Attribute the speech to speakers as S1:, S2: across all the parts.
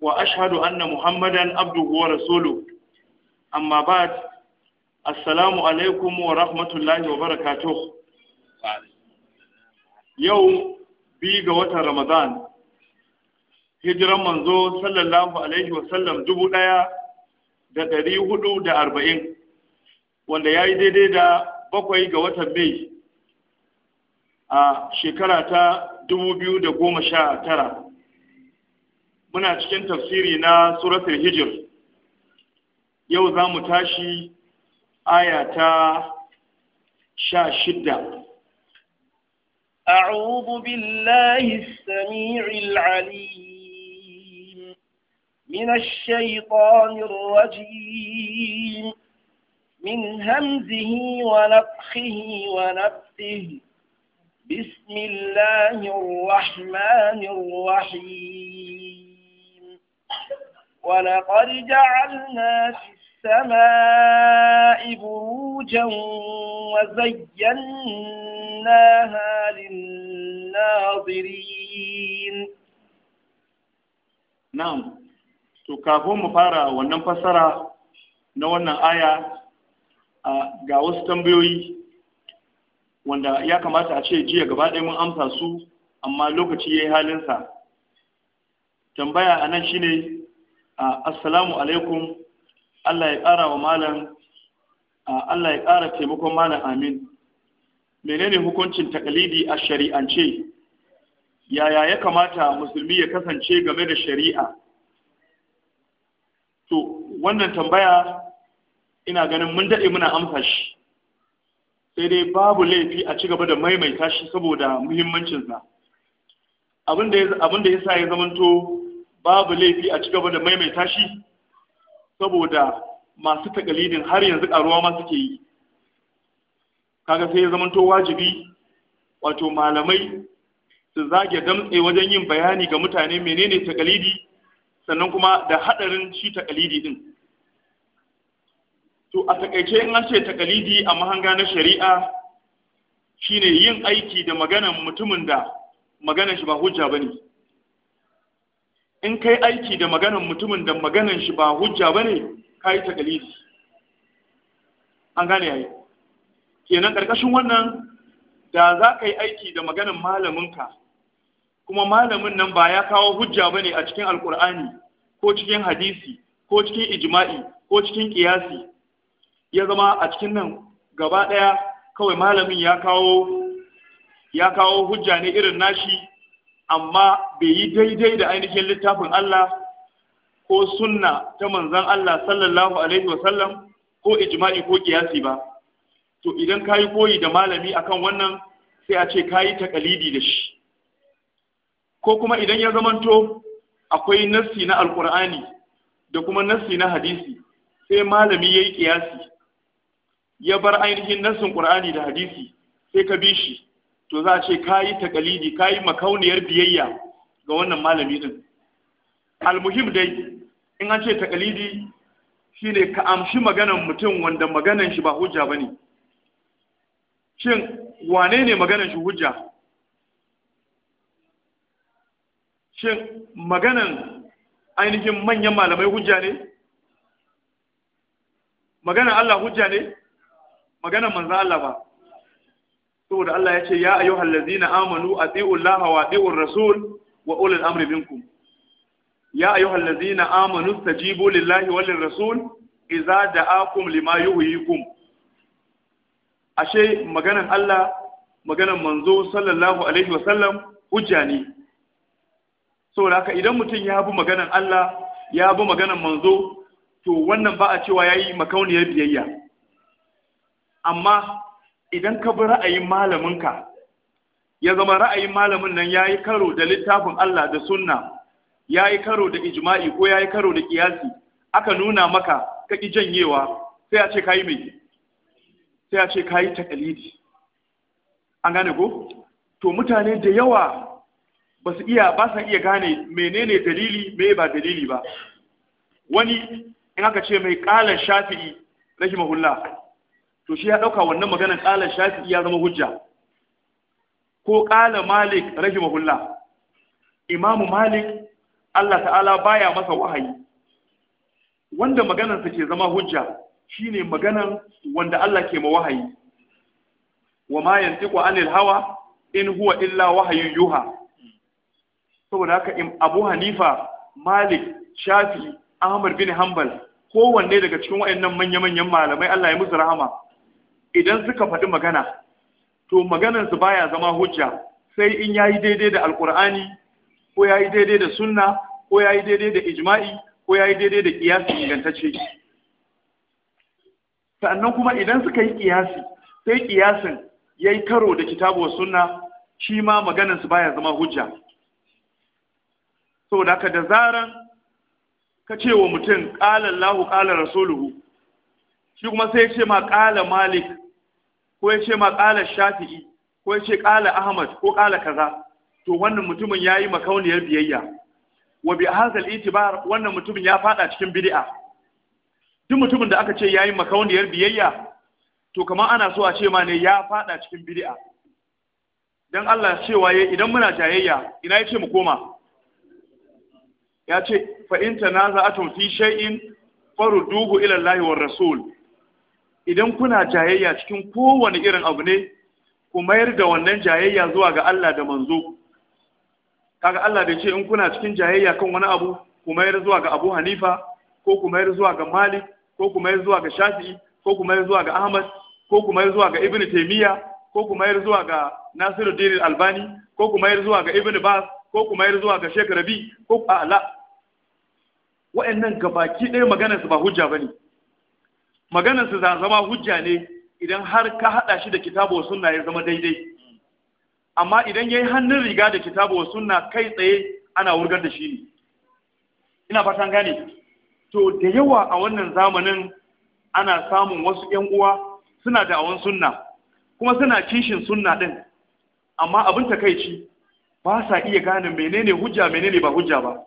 S1: wa ashadu anna muhammadan abdu wa rasulu amma ba'd assalamu alaikum wa rahmatullahi wa barakatuh yau bi ga watan ramadan hijiran manzo sallallahu alaihi wa sallam dubu daya da dari hudu da arba'in wanda ya yi daidai da bakwai ga watan mai a shekara ta dubu biyu da goma sha tara muna cikin tafsiri na suratul hijr yau za mu tashi aya ta sha shidda
S2: أعوذ بالله السميع العليم من الشيطان الرجيم من همزه ونفخه ونفته بسم الله الرحمن الرحيم ولقد جعلنا في السماء بروجا وزيناها للناظرين
S1: نعم to مفارا mu fara wannan fassara na aya ga wasu tambayoyi wanda ya kamata a ce jiya gaba ɗaya mun amsa su amma lokaci ya yi halinsa tambaya a nan shine assalamu alaikum Allah ya ƙara wa malam Allah ya ƙara taimakon malam amin menene hukuncin takalidi a shari'ance yaya ya kamata musulmi ya kasance game da shari'a to wannan tambaya ina ganin mun daɗe muna amsa shi sai dai babu laifi a cigaba da maimaita shi saboda muhimmancinsa Abinda da ya sa ya zamanto babu laifi a cigaba da maimaita shi saboda masu takalidin har yanzu karuwa ma suke yi kaga sai ya zamanto wajibi wato malamai su zage damtse wajen yin bayani ga mutane menene takalidi sannan kuma da hadarin shi takalidi din to a takaice in an ce takalidi a mahanga na shari'a shine yin aiki da maganan mutumin da maganan shi ba hujja bane in kai aiki da maganan mutumin da maganan shi ba hujja bane kai ta dalili an gane yayi kenan ƙarƙashin wannan da za ka yi aiki da maganan malaminka kuma malamin nan ba ya kawo hujja bane a cikin alkur'ani ko cikin hadisi ko cikin ijma'i ko cikin kiyasi ya zama a cikin nan gaba ɗaya kawai malamin ya kawo ya kawo hujja ne irin nashi amma bai yi daidai da ainihin littafin Allah ko sunna ta manzon Allah sallallahu alaihi wasallam ko ijma'i ko kiyasi ba to idan ka yi koyi da malami akan wannan sai a ce ka yi takalidi da shi ko kuma idan ya zamanto akwai nassi na alkur'ani da kuma nassi na hadisi sai malami ya yi kiyasi ya bar ainihin nassin ƙur'ani da hadisi sai ka bi shi to za a ce ka kayi takalidi yi makauniyar biyayya ga wannan malami din almuhim dai in an ce takalidi shine ka amshi maganan mutum wanda maganan shi ba hujja ba ne. shin wane ne maganan shi hujja shin maganan ainihin manyan malamai hujja ne maganan Allah hujja ne maganan manzan Allah ba saboda Allah ya ce ya ayyuhal ladzina amanu atiiu laha wa atiiu rasul wa ulul amri minkum ya ayyuhal ladzina amanu istajibu lillahi wal rasul idza da'akum lima yuhyikum ashe maganan Allah maganan manzo sallallahu alaihi wa sallam hujja ne saboda haka idan mutum ya bi maganan Allah ya bi maganan manzo to wannan ba a cewa yayi makauniyar biyayya amma idan ka bi ra'ayin malaminka ya zama ra'ayin malamin nan ya yi karo da littafin Allah da sunna ya yi karo da ijma'i ko ya yi karo da ƙiyasi, aka nuna maka ka ƙi janyewa sai a ce ka yi mai sai a ce ka yi takalidi an gane ko to mutane da yawa ba su iya ba sa iya gane menene dalili me ba dalili ba wani in aka ce mai ƙalan shafi'i rahimahullah to shi ya ɗauka wannan maganar ƙalar Shafi ya zama hujja ko ƙala malik rahimahullah imamu malik Allah ta'ala baya masa wahayi wanda maganarsa ke zama hujja shine maganar wanda Allah ke ma wahayi wa ma yantiqu anil hawa in huwa illa wahayin yuha saboda haka Abu Hanifa Malik Shafi Ahmad bin Hanbal kowanne daga cikin wa'annan manya-manyan malamai Allah ya musu rahama idan suka faɗi magana to maganansu baya zama hujja sai in yayi daidai da alkur'ani ko yayi daidai da sunna ko yayi daidai da ijma'i ko yayi daidai da ƙiyasi ingantacce sannan kuma idan suka yi ƙiyasi, sai ya yayi karo da kitabu wa sunna shi ma maganansu baya zama hujja da ka da zaran ka ce wa mutum ƙala Allahu ƙala rasuluhu shi kuma sai ya ce ma ƙala malik ko ya ce ma ƙala shafi'i ko ya ce ƙala ahmad ko ƙala kaza to wannan mutumin ya yi makauniyar biyayya wa bi hazal itibar wannan mutumin ya faɗa cikin bid'a duk mutumin da aka ce ya yi makauniyar biyayya to kamar ana so a ce ma ne ya faɗa cikin bid'a dan Allah cewa ya idan muna jayayya ina yace mu koma ya ce fa in atum fi shay'in farudduhu ila Allahi war rasul idan kuna jayayya cikin kowane irin abu ne ku mayar da wannan jayayya zuwa ga Allah da manzo kaga Allah bai ce in kuna cikin jayayya kan wani abu ku mayar zuwa ga Abu Hanifa ko ku mayar zuwa ga Malik ko ku mayar zuwa ga Shafi'i ko ku mayar zuwa ga Ahmad ko ku mayar zuwa ga Ibn Taymiyyah ko ku mayar zuwa ga Nasiruddin Albani ko ku mayar zuwa ga Ibn Baz ko ku mayar zuwa ga Sheikh Rabi ko a Allah wa'annan gabaki ɗaya maganar su ba hujja bane maganar su zama hujja ne idan har ka haɗa shi da kitabu sunna ya zama daidai amma idan ya yi hannun riga da kitabu sunna kai tsaye ana wurgar da shi ne ina fatan gane to da yawa a wannan zamanin ana samun wasu ƴan uwa suna da awon sunna kuma suna kishin sunna din amma abin takaici ba sa iya gane menene hujja menene ba hujja ba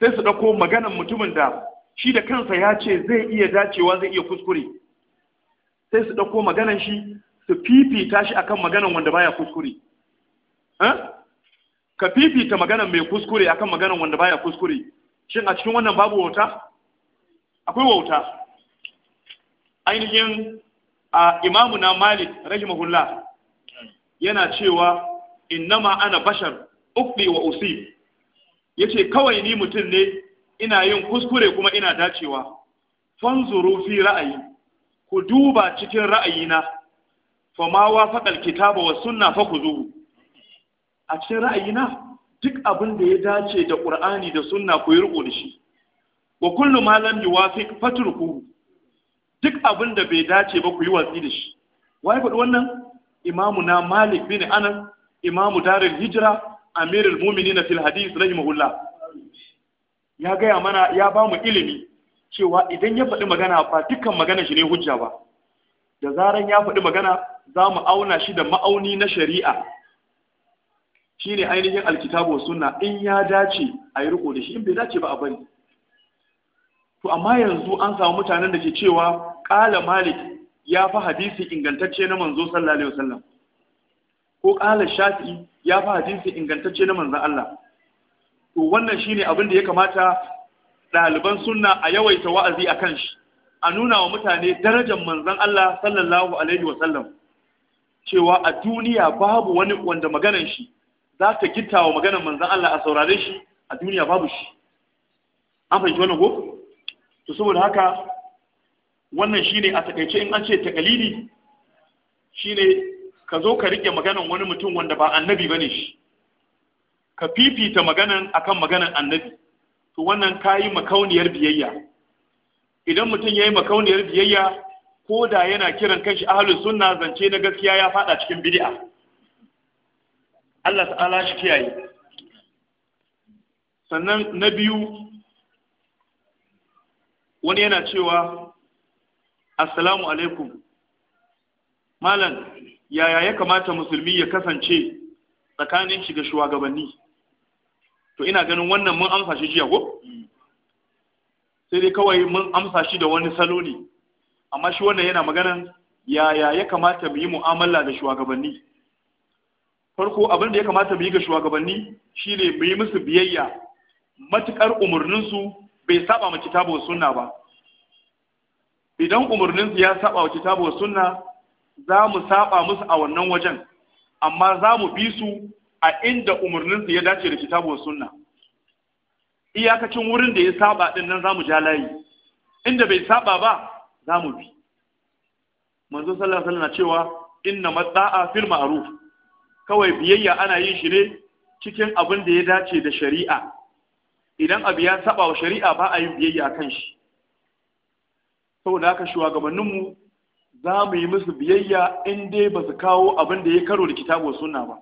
S1: sai su ɗauko maganar mutumin da shi da kansa ya ce zai iya dacewa zai iya kuskure sai su ɗauko maganan shi su fifita shi akan maganar wanda baya kuskure ka fifita maganan mai kuskure akan maganar wanda baya kuskure shin a cikin wannan babu wauta akwai wauta ainihin a imamu na malik rahimahullah yana cewa innama ana bashar ukbi wa usib yace kawai ni mutum ne ina yin kuskure kuma ina dacewa fanzuru fi ra'ayi ku duba cikin ra'ayina fa ma faɗal kitaba was sunna fa khuzuhu a cikin ra'ayina duk abin da ya dace da ƙur'ani da sunna ku yi riko da shi wa kullu ma lam yuwafiq fatruku duk abin da bai dace ba ku yi watsi da shi wai faɗi wannan imamu na malik bin anas imamu darul hijra amirul mu'minin fil hadith rahimahullah ya gaya mana ya ba mu ilimi cewa idan ya faɗi magana ba dukkan magana shi ne hujja ba da zaran ya faɗi magana za mu auna shi da ma'auni na shari'a shi ne ainihin alkitabu suna in ya dace a yi riko da shi in bai dace ba a bari to amma yanzu an samu mutanen da ke cewa ƙala malik ya fi hadisi ingantacce na manzo sallallahu alaihi wasallam ko ƙala Shafi ya fi hadisi ingantacce na manzo Allah to wannan shine abin da ya kamata ɗaliban sunna a yawaita wa'azi a kan shi a nuna wa mutane darajar manzon Allah sallallahu alaihi wa sallam cewa a duniya babu wani wanda maganar shi za ta gittawa maganar manzon Allah a saurare shi a duniya babu shi an fahimci wannan ko to saboda haka wannan shine a takaice in an ce takalidi shine ka zo ka rike maganar wani mutum wanda ba annabi bane shi ka fifita maganan akan maganan annabi to wannan kayi makauniyar biyayya idan mutum yayi makauniyar biyayya ko da yana kiran kanshi ahlus sunna zance na gaskiya ya fada cikin bid'a Allah ta'ala shi kiyaye sannan na biyu wani yana cewa assalamu alaikum malam yaya ya kamata musulmi ya kasance tsakanin shiga shugabanni to ina ganin wannan mun amsa shi jiya ko sai dai kawai mun amsa shi da wani salo ne amma shi wannan yana maganan yaya ya kamata mu yi mu'amala da shugabanni farko abin da ya kamata mu yi ga shugabanni shine mu yi musu biyayya matukar umarninsu bai saba mu kitabu sunna ba idan umarninsu ya saba wa kitabu sunna za mu saba musu a wannan wajen amma za mu bi su a inda umarninsu ya dace da kitabu sunna iyakacin wurin da ya saba din nan zamu ja layi inda bai saba ba zamu bi manzo sallallahu alaihi wasallam cewa inna matsa'a fil ma'ruf kawai biyayya ana yin shi ne cikin abin da ya dace da shari'a idan abu ya saba wa shari'a ba a yi biyayya kan shi saboda haka mu za mu yi musu biyayya in dai ba su kawo abin da ya karo da kitabu sunna ba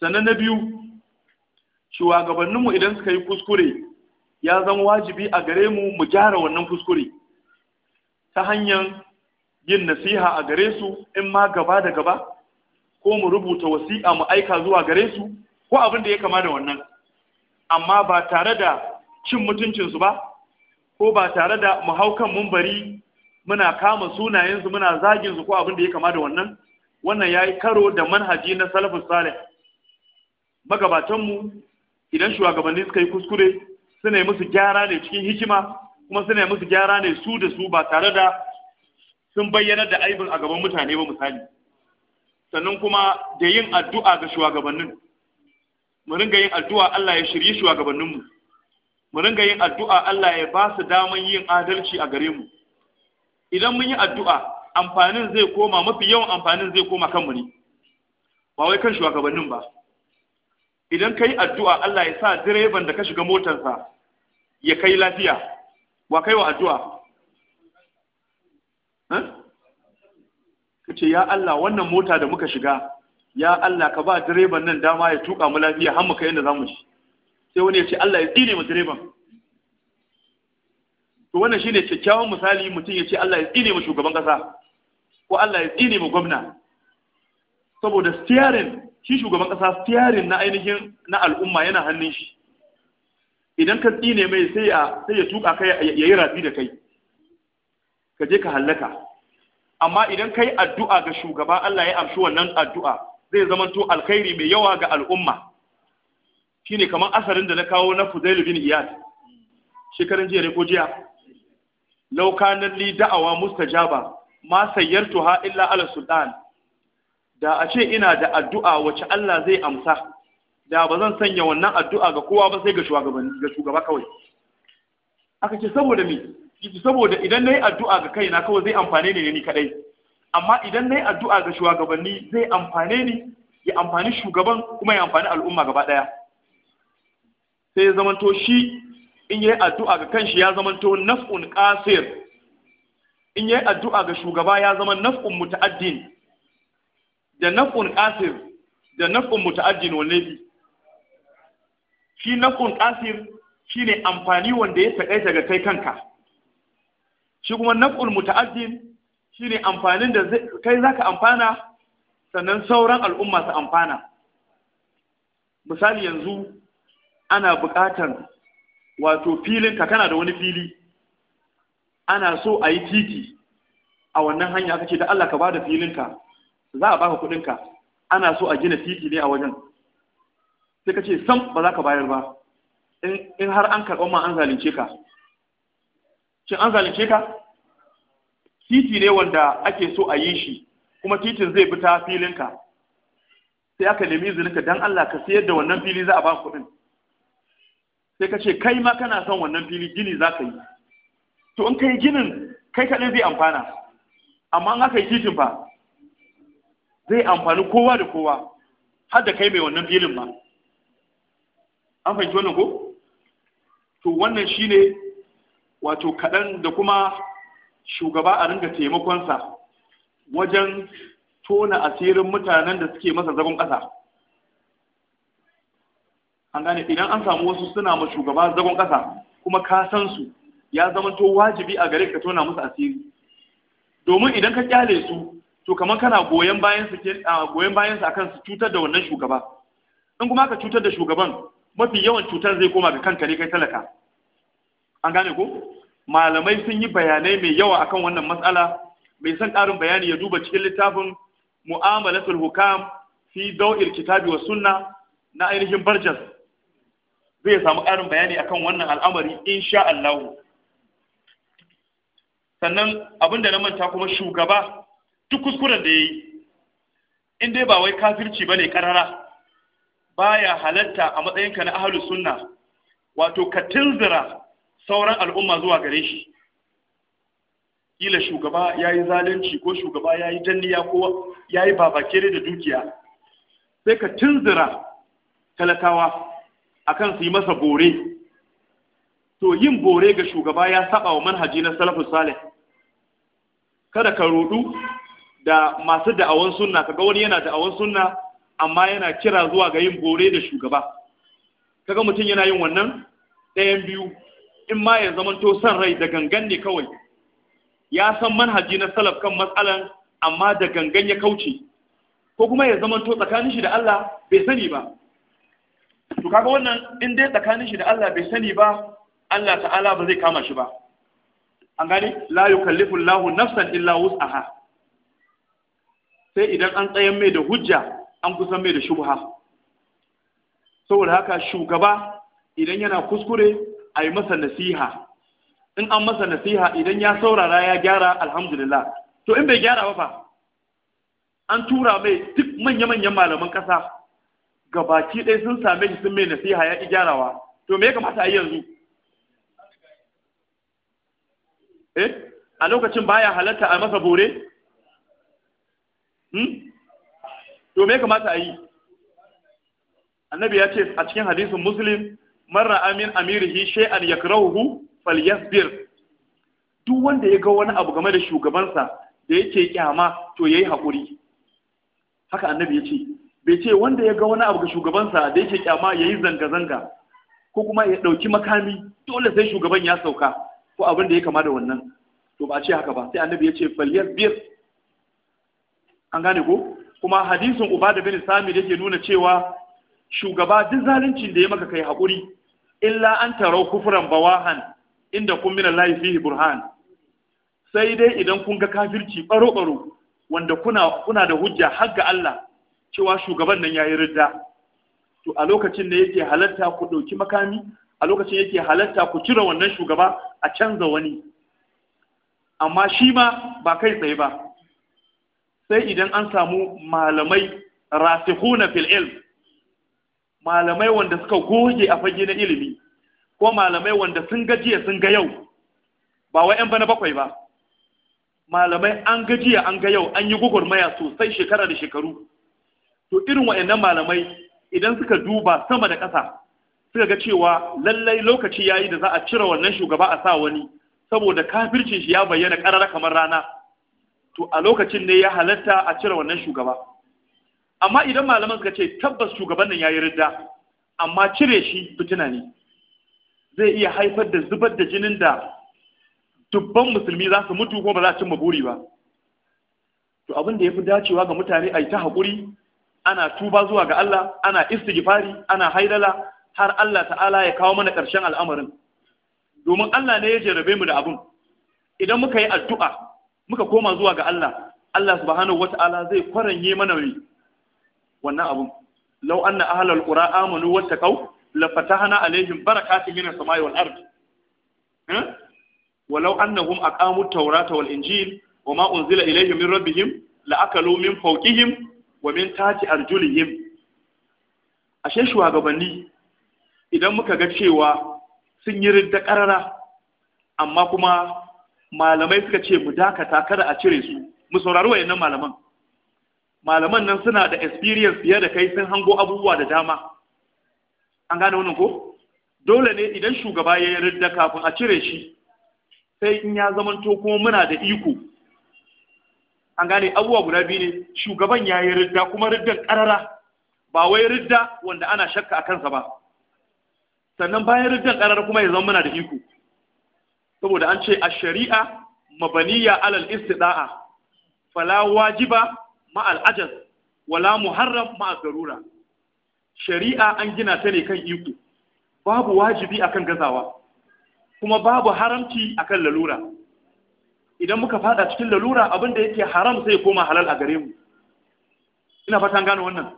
S1: sannan na biyu shugabanninmu idan suka yi kuskure ya zama wajibi a gare mu mu gyara wannan kuskure ta hanyar yin nasiha a gare su in ma gaba da gaba ko mu rubuta wasiƙa mu aika zuwa gare su ko abin da ya kama da wannan amma ba tare da cin mutuncinsu ba ko ba tare da mu hau kan mumbari muna kama sunayensu muna zaginsu ko abin da ya kama da wannan wannan ya yi karo da manhaji na salafus salih magabatanmu idan shugabanni suka yi kuskure suna yi musu gyara ne cikin hikima kuma suna yi musu gyara ne su da su ba tare da sun bayyana da aibin a gaban mutane ba misali sannan kuma da yin addu'a ga shugabannin mu ringa yin addu'a Allah ya shirye shugabanninmu mu ringa yin addu'a Allah ya ba su daman yin adalci a gare mu idan mun yi addu'a amfanin zai koma mafi yawan amfanin zai koma kanmu ne ba wai kan shugabannin ba idan kai addu'a Allah ya sa direban da ka shiga motarsa ya kai lafiya wa kai wa addu'a ka ce ya Allah wannan mota da muka shiga ya Allah ka ba direban nan dama ya tuka mu lafiya har muka kai inda zamu shi sai wani ya ce Allah ya tsine mu direban to wannan shine kyakkyawan misali mutum ya ce Allah ya tsine mu shugaban kasa ko Allah ya tsine mu gwamna saboda steering shi shugaban ƙasa tiyarin na ainihin na al'umma yana hannun shi idan ka tsine mai sai ya ya tuka kai ya yi rafi da kai ka je ka hallaka amma idan kai addu'a ga shugaba Allah ya amshi wannan addu'a zai zama zamanto alkhairi mai yawa ga al'umma shine kamar asarin da na kawo na Fudail bin Iyad shekaran jiya ne ko jiya law kana li da'awa mustajaba ma tuha illa ala sultan da a ce ina da addu'a wacce Allah zai amsa da ba zan sanya wannan addu'a ga kowa ba sai ga shugaban shugaba kawai aka ce saboda me saboda idan na yi addu'a ga kaina kawai zai amfane ne ni kadai amma idan na yi addu'a ga shugabanni zai amfane ni ya amfani shugaban kuma ya amfani al'umma gaba ɗaya. sai ya zamanto shi in yi addu'a ga kanshi ya zamanto naf'un ƙasir. in yi addu'a ga shugaba ya zama naf'un muta'addin da naf'un qasir da naf'un muta'addin wanne bi shi naf'un qasir shine amfani wanda ya takaita daga kai kanka shi kuma naf'ul muta'ajjin shine amfanin da kai zaka amfana sannan sauran al'umma su amfana misali yanzu ana buƙatar wato filin ka kana da wani fili ana so a yi titi a wannan hanya kace da Allah ka bada filinka za a baka kuɗin ka ana so a gina titi ne a wajen sai ka ce sam ba za ka bayar ba in har an karɓar ma an zalunce ka shin an zalunce ka titi ne wanda ake so a yi shi kuma titin zai bi ta ka. sai aka nemi izininka don Allah ka sayar da wannan fili za a ba kuɗin sai ka ce kai ma kana son wannan fili gini za ka yi to in ka yi ginin kai kaɗai zai amfana amma in aka yi titin fa zai amfani kowa da kowa har da kai mai wannan filin ma an fahimci wannan ko to wannan shine wato kaɗan da kuma shugaba a ringa taimakonsa wajen tona asirin mutanen da suke masa zagon ƙasa an gane idan an samu wasu suna ma shugaba zagon ƙasa kuma ka san su ya zama zamanto wajibi a gare ka tona musu asiri domin idan ka kyale su to kamar kana goyon bayan su goyon bayan su akan su cutar da wannan shugaba in kuma ka cutar da shugaban mafi yawan cutar zai koma ga kanka ne kai talaka an gane ko malamai sun yi bayanai mai yawa akan wannan matsala mai san ƙarin bayani ya duba cikin littafin mu'amalatul hukam fi dawil kitabi wa sunna na ainihin barjas zai samu ƙarin bayani akan wannan al'amari insha Allah sannan abinda na manta kuma shugaba duk kuskuren da ya yi in dai ba wai kafirci ba ne ƙarara ya halatta a matsayinka na ahalus sunna wato ka tilzira sauran al'umma zuwa gare shi Ila shugaba ya yi zalunci ko shugaba ya yi janniya ko ya yi babakere da dukiya sai ka tunzura talakawa akan su yi masa bore to yin bore ga shugaba ya saba wa manhaji na salafus salih kada ka rudu da masu da'awan sunna kaga wani yana da'awan sunna amma yana kira zuwa ga yin bore da shugaba kaga mutum yana yin wannan ɗayan biyu in ma ya to son rai da gangan ne kawai ya san manhaji na salaf kan matsalan amma da gangan ya kauce ko kuma ya to tsakanin shi da Allah bai sani ba to kaga wannan in dai tsakanin shi da Allah bai sani ba Allah ta'ala ba zai kama shi ba an gane la yukallifu Allahu nafsan illa wus'aha sai idan an tsayan mai da hujja an kusan mai da shubha saboda haka shugaba idan yana kuskure a yi masa nasiha in an masa nasiha idan ya saurara ya gyara alhamdulillah to in bai gyara ba fa an tura mai duk manya-manyan malaman ƙasa baki ɗaya sun same shi sun mai nasiha ya ƙi gyarawa to me ya kamata a yi yanzu eh a lokacin baya halatta a masa bore Hmm? to me kamata a yi annabi ya ce a cikin hadisin muslim marra amin amirihi shay'an yakrahuhu falyasbir duk wanda ya ga wani abu game da shugabansa da yake kyama to yayi hakuri haka annabi ya ce bai ce wanda ya ga wani abu ga shugabansa da yake kyama yayi zanga zanga ko kuma ya dauki makami dole sai shugaban ya sauka ko abin da ya kama da wannan to ba a ce haka ba sai annabi ya ce falyasbir an gane ko kuma hadisin ubada bin sami yake nuna cewa shugaba duk zaluncin da ya maka kai haƙuri illa an tarau kufran bawahan inda kun mina Allah fihi burhan sai dai idan kun ga kafirci baro baro wanda kuna kuna da hujja har ga Allah cewa shugaban nan yayi ridda to a lokacin da yake halarta ku dauki makami a lokacin yake halarta ku cire wannan shugaba a canza wani amma shi ma ba kai tsaye ba sai idan an samu malamai rasikhuna fil ilm malamai wanda suka goge a fage na ilimi ko malamai wanda sun gajiya sun ga yau ba wa 'yan bana bakwai ba malamai an gajiya an ga yau an yi gugurmaya sosai shekara da shekaru to irin wa'annan malamai idan suka duba sama da ƙasa suka ga cewa lallai lokaci yayi da za a cire wannan shugaba a sa wani saboda kafircin shi ya bayyana ƙarara kamar rana to a lokacin ne ya halatta a cire wannan shugaba amma idan malaman suka ce tabbas shugaban nan yayi ridda amma cire shi fitina ne zai iya haifar da zubar da jinin da dubban musulmi za su mutu kuma ba za su cimma buri ba to abin da yafi dacewa ga mutane a yi ta hakuri, ana tuba zuwa ga Allah ana istighfari ana haidala har Allah ta'ala ya kawo mana ƙarshen al'amarin domin Allah ne ya jarabe mu da abun idan muka yi addu'a muka koma zuwa ga Allah Allah subhanahu wata'ala zai kwaranye mana ne wannan abun law anna ahlal qura amanu wattaqau la fatahna alaihim barakatin minas samai wal ard ولو أنهم أقاموا التوراة والإنجيل وما أنزل إليهم من ربهم لأكلوا من فوقهم ومن تحت أرجلهم ashe shugabanni idan muka ga cewa sun yi ridda ƙarara amma kuma malamai suka ce mu dakata kada a cire su mu saurari wayannan malaman malaman nan suna da experience fiye da kai sun hango abubuwa da dama an gane wannan ko dole ne idan shugaba ya yarda kafin a cire shi sai in ya zamanto kuma muna da iko an gane abubuwa guda biyu ne shugaban ya yi ridda kuma riddan karara ba wai ridda wanda ana shakka a kansa ba sannan bayan riddan karara kuma ya zama muna da iko saboda an ce a shari'a mabaniya alal istida'a fala wajiba ma'al ajaz wala muharram ma'al garura shari'a an gina ta ne kan iko babu wajibi akan gazawa kuma babu haramci akan lalura idan muka fada cikin lalura abin da yake haram sai koma halal a gare mu ina fatan gane wannan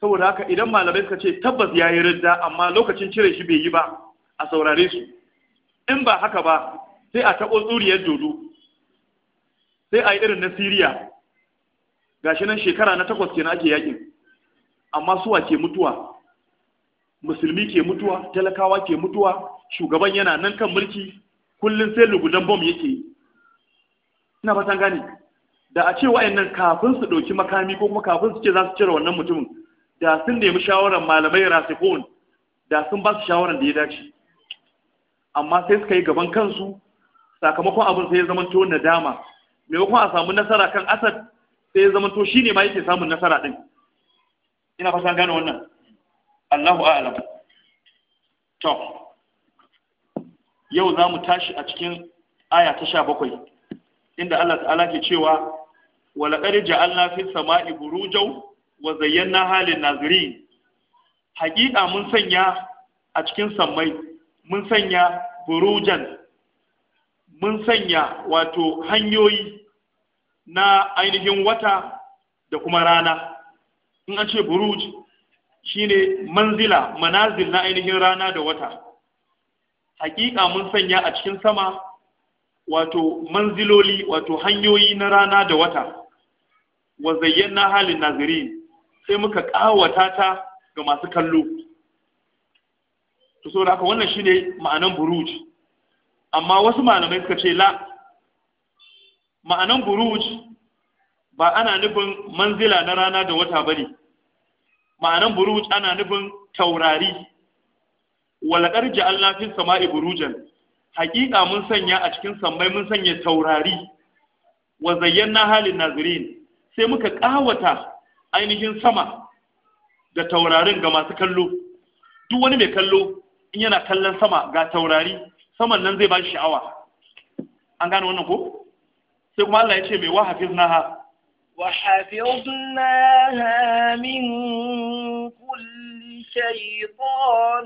S1: saboda haka idan malamai suka ce tabbas yayi ridda amma lokacin cire shi bai yi ba a saurare su in ba haka ba sai a taɓo tsuriyar dodo sai a yi irin na siriya Ga shi nan shekara na takwas kenan ake yakin amma suwa ke mutuwa musulmi ke mutuwa talakawa ke mutuwa shugaban yana nan kan mulki kullum sai lugudan bom yake ina fatan gane da a ce wa'annan kafin su ɗauki makami ko kuma kafin su ce za su cire wannan mutumin da sun nemi shawarar malamai rasikon da sun ba su shawarar da ya dace amma sai suka yi gaban kansu sakamakon abin sai ya zamanto nadama maimakon a samu nasara kan asad sai ya to shi ne ma yake samun nasara din ina fasa gane wannan allahu a'alam to yau za mu tashi a cikin aya ta sha bakwai inda allah ta'ala ke cewa walaƙar ja'alna fi sama'i burujau wa zayyana halin nazirin haƙiƙa mun sanya a cikin sammai mun sanya burujan mun sanya wato hanyoyi na ainihin wata da kuma rana in an ce buruj shine manzila manazil na ainihin rana da wata hakika mun sanya a cikin sama wato manziloli wato hanyoyi na rana da wata wa zayyana halin nazirin sai muka kawata ta ga masu kallo to saboda haka wannan shine ma'anan buruj amma wasu malamai suka ce la ma'anan buruj ba ana nufin manzila na rana da wata bane ma'anan buruj ana nufin taurari walakar Allah fi sama'i burujan hakika mun sanya a cikin sammai mun sanya taurari wa zayyana halin nazirin sai muka kawata ainihin sama da taurarin ga masu kallo duk wani mai kallo in yana kallon sama ga taurari saman nan zai ba sha'awa an gane wannan ko sai kuma Allah ya ce mai wahafiz na ha
S2: وحفظناها من كل شيطان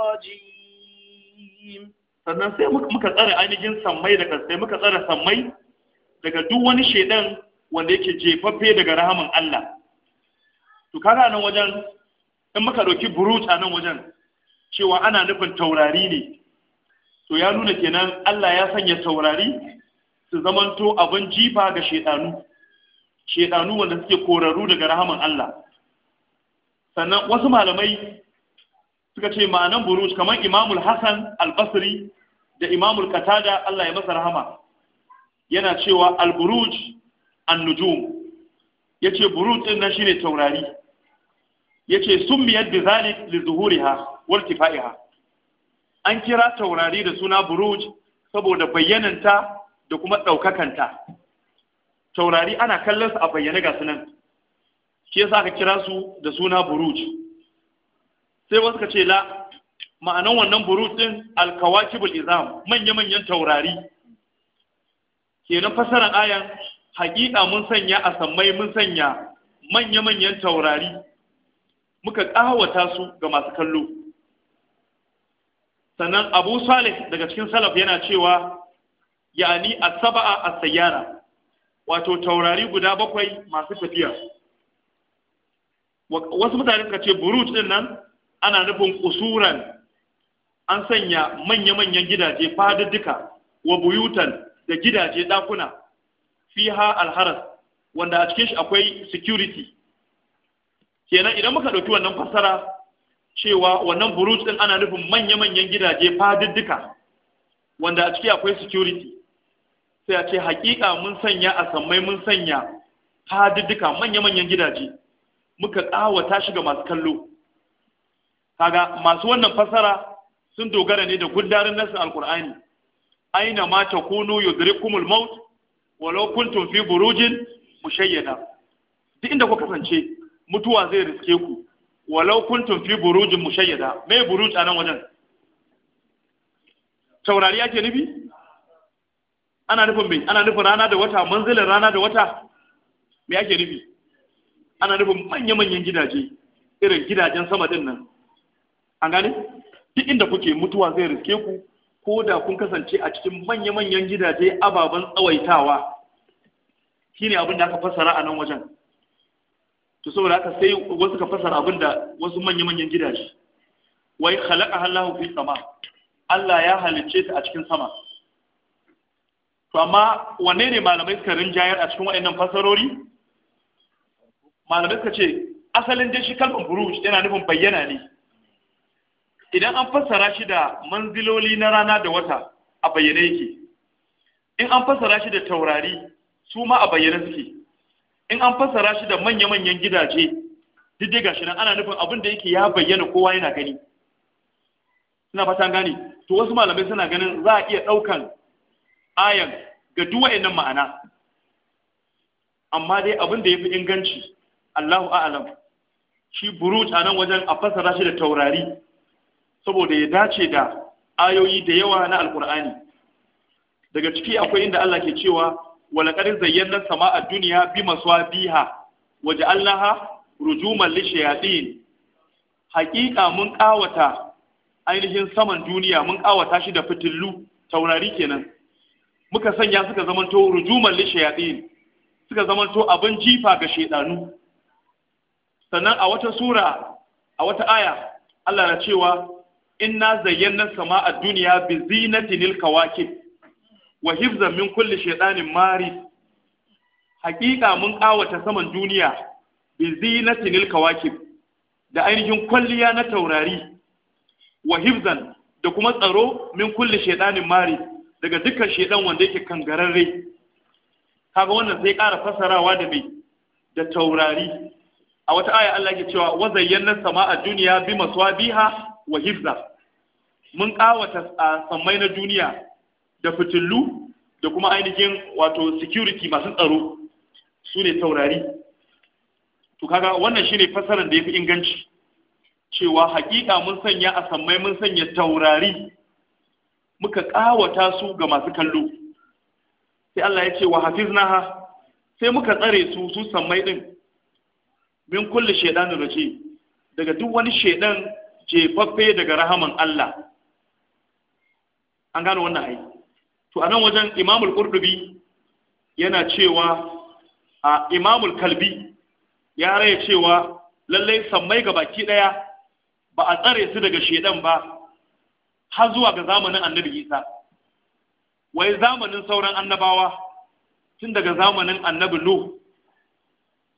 S2: رجيم
S1: sannan sai muka tsare ainihin sammai daga sai muka tsare sammai daga duk wani shaidan wanda yake jefaffe daga rahaman Allah to kaga nan wajen in muka dauki buruj a nan wajen cewa ana nufin taurari ne to ya nuna kenan Allah ya sanya taurari su zamanto abin jifa ga shedanu shedanu wanda suke koraru daga rahaman Allah sannan wasu malamai suka ce ma'anan buruj kamar imamul hassan al-basri da imamul katada Allah ya masa rahama yana cewa al-buruj an-nujum yace buruj din nan shine taurari yace summiyat bi zalik li zuhuriha waltifaiha an kira taurari da suna buruj saboda bayyananta da kuma ɗaukakanta taurari ana kallon su a bayyane ga sunan shi yasa aka kira su da suna buruj sai wasu ka ce la ma'anan wannan buruj din alkawakibul izam manya-manyan taurari kenan fasaran ayan hakika mun sanya a sammai mun sanya manya-manyan taurari muka ƙawata su ga masu kallo sannan abu salih daga cikin salaf yana cewa yani asaba'a a sayyara wato taurari guda bakwai masu tafiya wasu mutane ka ce buruj din nan ana nufin kusuran an sanya manya-manyan gidaje fadadduka wa buyutan da gidaje dakuna fiha alharas wanda a cikin shi akwai security kenan idan muka ɗauki wannan fassara cewa wannan buruj din ana nufin manya-manyan gidaje fadiddika wanda a ciki akwai security sai a ce hakika mun sanya a sammai mun sanya fadiddika manya-manyan gidaje muka ƙawata shi ga masu kallo kaga masu wannan fassara sun dogara ne da gudarin nasu alkur'ani aina ma takunu yudrikumul maut walau kuntum fi burujin mushayyada duk inda ku kasance mutuwa zai riske ku walau kuntum fi burujin mushayyada me buruj a nan wajen taurari ake nufi ana nufin me ana nufin rana da wata manzilin rana da wata me ake nufi ana nufin manya-manyan gidaje irin gidajen sama din nan an gane duk inda kuke mutuwa zai riske ku ko da kun kasance a cikin manya-manyan gidaje ababen tsawaitawa shine abin da aka fassara a nan wajen to saboda haka sai wasu ka fasara abin da wasu manya-manyan gidaje wai khalaqa Allahu fi sama Allah ya halicce ta a cikin sama to amma wanne ne malamai suka rinjayar a cikin wayannan fasarori malamai suka ce asalin dai shi kalmar buruj yana nufin bayyana ne idan an fassara shi da manziloli na rana da wata a bayyane yake in an fassara shi da taurari su ma a bayyane suke in an fassara shi da manya-manyan gidaje duk ga gashi nan ana nufin abin da yake ya bayyana kowa yana gani suna fatan gane to wasu malamai suna ganin za a iya ɗaukan ayan ga duk nan ma'ana amma dai abin da ya fi inganci Allahu a'alam shi buruj a nan wajen a fassara shi da taurari saboda ya dace da ayoyi da yawa na alkur'ani daga ciki akwai inda Allah ke cewa walaqad zayyana sama'a dunya bi maswabiha waja'alnaha rujuman lishayatin haƙiƙa mun ƙawata ainihin saman duniya mun ƙawata shi da fitillu taurari kenan muka sanya suka zamanto rujuman lishayatin suka zamanto abin jifa ga shedanu sannan a wata sura a wata aya Allah na cewa inna zayyana sama'a duniya bi zinatinil kawakib wa hifzan min kulli shaytanin mari hakika mun kawata saman duniya bi zinatinil kawakib da ainihin kwalliya na taurari wa hifzan da kuma tsaro min kulli shaytanin mari daga dukkan shaydan wanda yake gararre. kaga wannan sai ƙara fasarawa da mai da taurari a wata aya Allah ke cewa wa zayyana sama'a duniya bi maswabiha wa hifza mun kawata ah, samai na duniya da fitillu da kuma ainihin wato security masu tsaro su ne taurari to kaga wannan shine fasaran da yafi inganci cewa hakika mun sanya a sammai mun sanya taurari muka kawata su ga masu kallo sai Allah ya ce wa hafiznaha sai muka tsare su su sammai din min kulli shaydanin raji daga duk wani shaydan jefaffe daga rahaman Allah an gano wannan aiki. to anan wajen imamul qurdubi yana cewa a imamul kalbi ya raya cewa lallai sammai ga baki daya ba a tsare su daga shedan ba har zuwa ga zamanin annabi isa wai zamanin sauran annabawa tun daga zamanin annabi nuh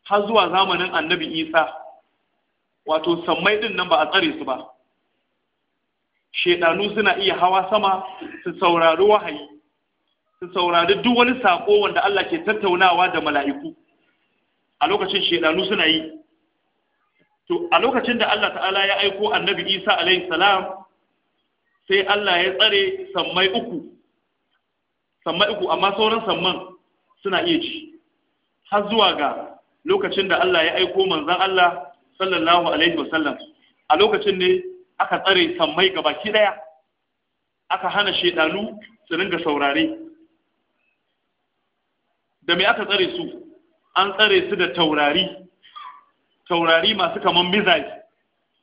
S1: har zuwa zamanin annabi isa wato sammai din nan ba a tsare su ba shedanu suna iya hawa sama su saurari wahayi su saurari duk wani sako wanda Allah ke tattaunawa da mala'iku a lokacin shedanu suna yi to a lokacin da Allah ta'ala ya aiko annabi Isa alayhi salam sai Allah ya tsare sammai uku sammai uku amma sauran samman suna iya ci har zuwa ga lokacin da Allah ya aiko manzon Allah sallallahu alaihi wasallam a lokacin ne aka tsare sammai gabaki daya aka hana shedanu su ringa saurare da me aka tsare su an tsare su da taurari taurari masu kaman mizai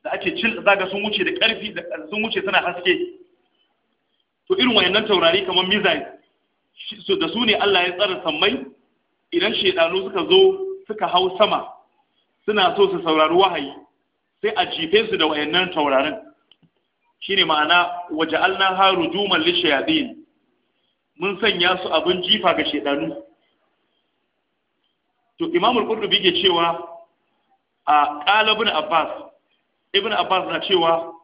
S1: da ake cin zaga sun wuce da ƙarfi da sun wuce suna haske to irin wayannan taurari kaman mizaj da su ne Allah ya tsare sammai idan shedanu suka zo suka hau sama suna so su saurari wahayi sai a jife su da wayannan taurarin shine ma'ana waja'alna harujuman lishayadin mun sanya su abin jifa ga shedanu to imamul qurtubi ke cewa a qala ibn abbas ibn abbas na cewa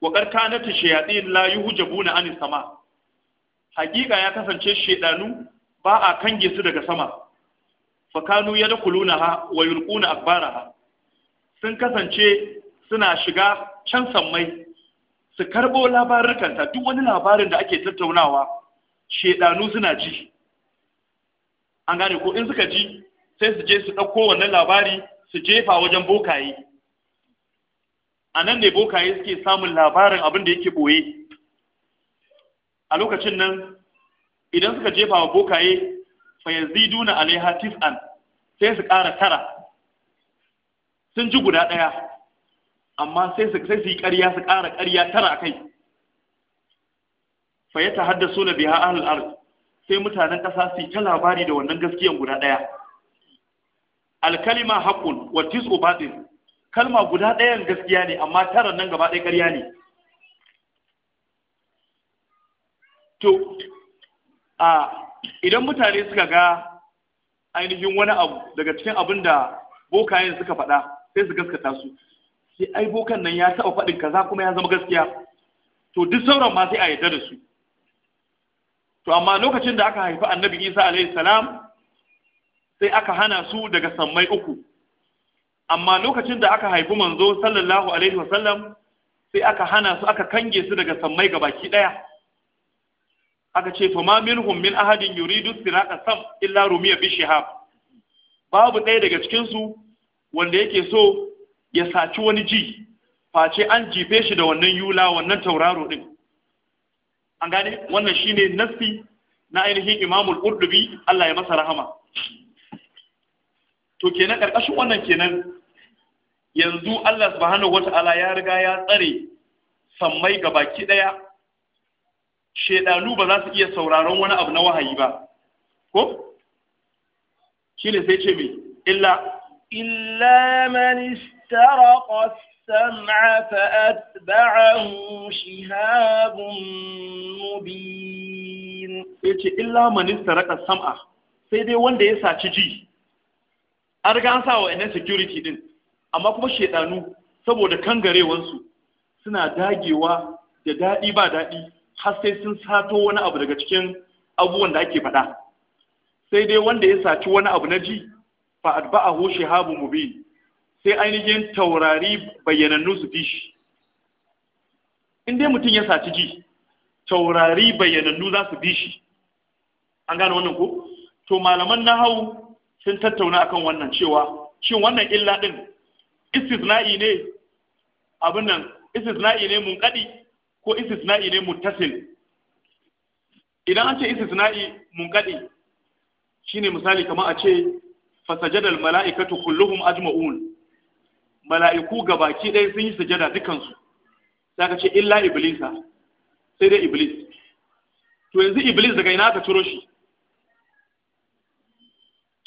S1: wa qarkana ta shayadi la yuhjabuna anis sama hakika ya kasance shedanu ba a kange su daga sama fa kanu ha wa yulquna akbaraha sun kasance suna shiga can sammai su karbo ta duk wani labarin da ake tattaunawa shedanu suna ji an gane ko in suka ji sai su je su ɗauko wannan labari su jefa wajen bokaye a nan ne bokaye suke samun labarin abin da yake ɓoye a lokacin nan idan suka jefa wa bokaye fayaziduna alaiha tis'an sai su ƙara tara sun ji guda ɗaya amma sai su su yi ƙarya su ƙara ƙarya tara kai fa ya tahaddasu na biha ahlul ard sai mutanen ƙasa su yi ta labari da wannan gaskiyan guda ɗaya alkalima haqqun wa tis'u batil kalma guda ɗayan gaskiya ne amma taran nan gaba ɗaya ƙarya ne to a idan mutane suka ga ainihin wani abu daga cikin abin da bokayen suka faɗa sai su gaskata su sai ai bokan nan ya taɓa faɗin kaza kuma ya zama gaskiya to duk sauran ma sai a yarda da su to amma lokacin da aka haifi annabi isa alaihi salam sai aka hana su daga sammai uku amma lokacin da aka haifi manzo sallallahu alaihi wasallam sai aka hana su aka kange su daga sammai baki daya aka ce to ma minhum min ahadin yuridu siraqa sam illa rumiya bi shihab babu ɗaya daga cikin su wanda yake so ya saci wani ji face an jife shi da wannan yula wannan tauraro din an gane wannan shine nassi na ainihin imamul qurdubi Allah ya masa rahama to kenan ƙarƙashin wannan kenan yanzu Allah subhanahu wata'ala ya riga ya tsare sammai ga baki ɗaya shedanu ba za su iya sauraron wani abu na wahayi ba ko shi ne sai ce mai illa
S2: illa man istaraqa fa atba'ahu shihabun mubin
S1: yace illa man istaraqa sam'a sai dai wanda ya saci ji an riga an sa wa ɗan security din amma kuma shaidanu saboda kangarewansu suna dagewa da daɗi ba daɗi har sai sun sato wani abu daga cikin abubuwan da ake faɗa sai dai wanda ya saci wani abu na ji fa atba'ahu shihabu mubin sai ainihin taurari bayyanannu su bi shi in dai mutum ya saci ji taurari bayyanannu za su bi shi an gane wannan ko to malaman nahawu sun tattauna akan wannan cewa shin wannan illa din istisna'i ne abin nan istisna'i ne Munkadi ko istisna'i ne muttasil idan an ce istisna'i Munkadi shine misali kamar a ce fasajadal mala'ikatu kulluhum ajma'un mala'iku gabaki ɗaya sun yi sujada dukansu sai ka ce illa iblisa sai dai iblis to yanzu iblis daga ina aka turo shi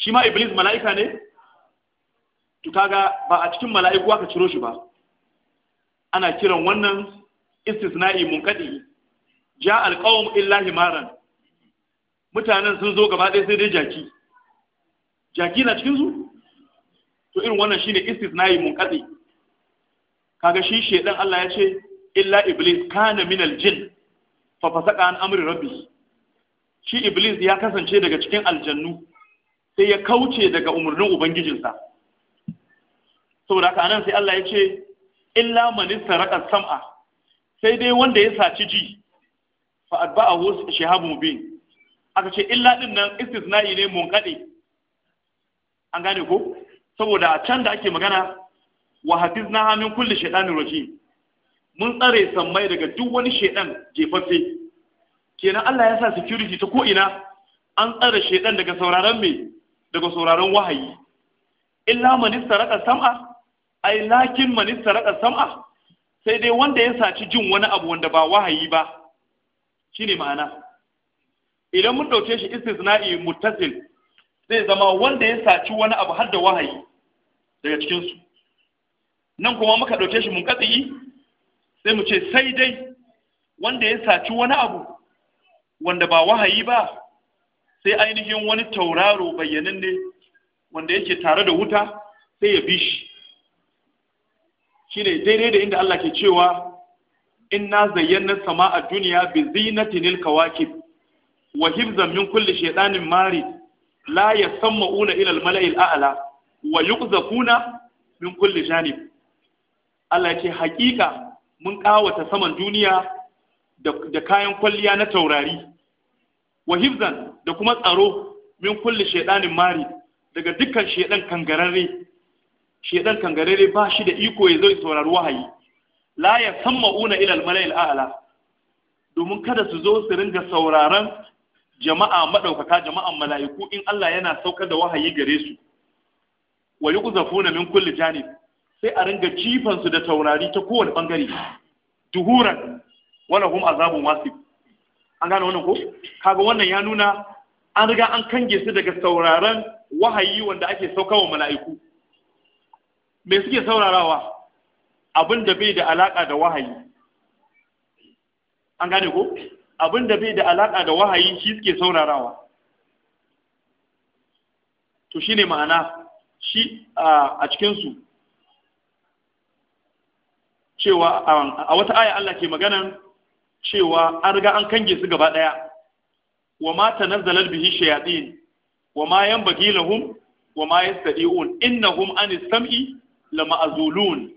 S1: shi ma iblis mala'ika ne kaga ba a cikin mala'iku aka ciro shi ba ana kiran wannan istisna'i munkadi ja alqawm illa himaran mutanen sun zo gaba ɗaya sai dai jaki jaki na cikin su to irin wannan shine istisna'i munkadi kaga shi shedan Allah ya ce illa iblis kana min aljin fa fasaqa an amri rabbi shi iblis ya kasance daga cikin aljannu sai ya kauce daga umarnin ubangijinsa saboda haka nan sai Allah ya ce illa man saraka sam'a sai dai wanda ya saci ji fa adba'ahu shihabu mubin aka ce illa din nan istisna'i ne munkade an gane ko saboda a can da ake magana wa hafizna min kulli shaytanir rajim mun tsare sammai daga duk wani shaidan jefaffe kenan Allah ya sa security ta ko ina an tsare shaidan daga sauraron me daga sauraron wahayi illa manistar raka sam'a ai lakin manistar raka sam'a sai dai wanda ya saci jin wani abu wanda ba wahayi ba shine ma'ana idan mun ɗauke shi istisna'i muttasil zai zama wanda ya saci wani abu har da wahayi daga cikinsu. nan kuma muka ɗauke shi mun katsi sai mu ce sai dai wanda ya saci wani abu wanda ba wahayi ba sai ainihin wani tauraro ne wanda yake tare da wuta sai ya bi shi shine daidai da inda Allah ke cewa inna zayyana sama'a duniya bi zinatinil kawakib wa hibzan min kulli shaytanin mari la yasma'una ila al-mala'il a'la wa yuqzafuna min kulli janib Allah ce hakika mun kawata saman duniya da kayan kwalliya na taurari wa da kuma tsaro min kulli Shaidanin mari daga dukkan Shaidan kangararre kangararre ba shi da iko ya zo saurari wahayi la yasamma'una ila al-mala'il a'la domin kada su zo su ringa sauraron jama'a madaukaka jama'an mala'iku in Allah yana saukar da wahayi gare su wa yuqzafuna min kulli janib sai a ringa jifan su da taurari ta kowane bangare duhuran wala hum azabun wasif an gane wannan ko kaga wannan ya nuna an riga an kange su daga sauraron wahayi wanda ake saukawa mala'iku me suke saurarawa abin da bai da alaka da wahayi an gane ko abin da bai da alaka da wahayi shi suke saurarawa to shine ma'ana shi a cikinsu cewa a wata aya Allah ke maganan cewa an riga an kange su gaba ɗaya wa ma tanazzalar bihi shayatin wa ma yanbaghi lahum wa ma yastadi'un innahum an sam'i lama'zulun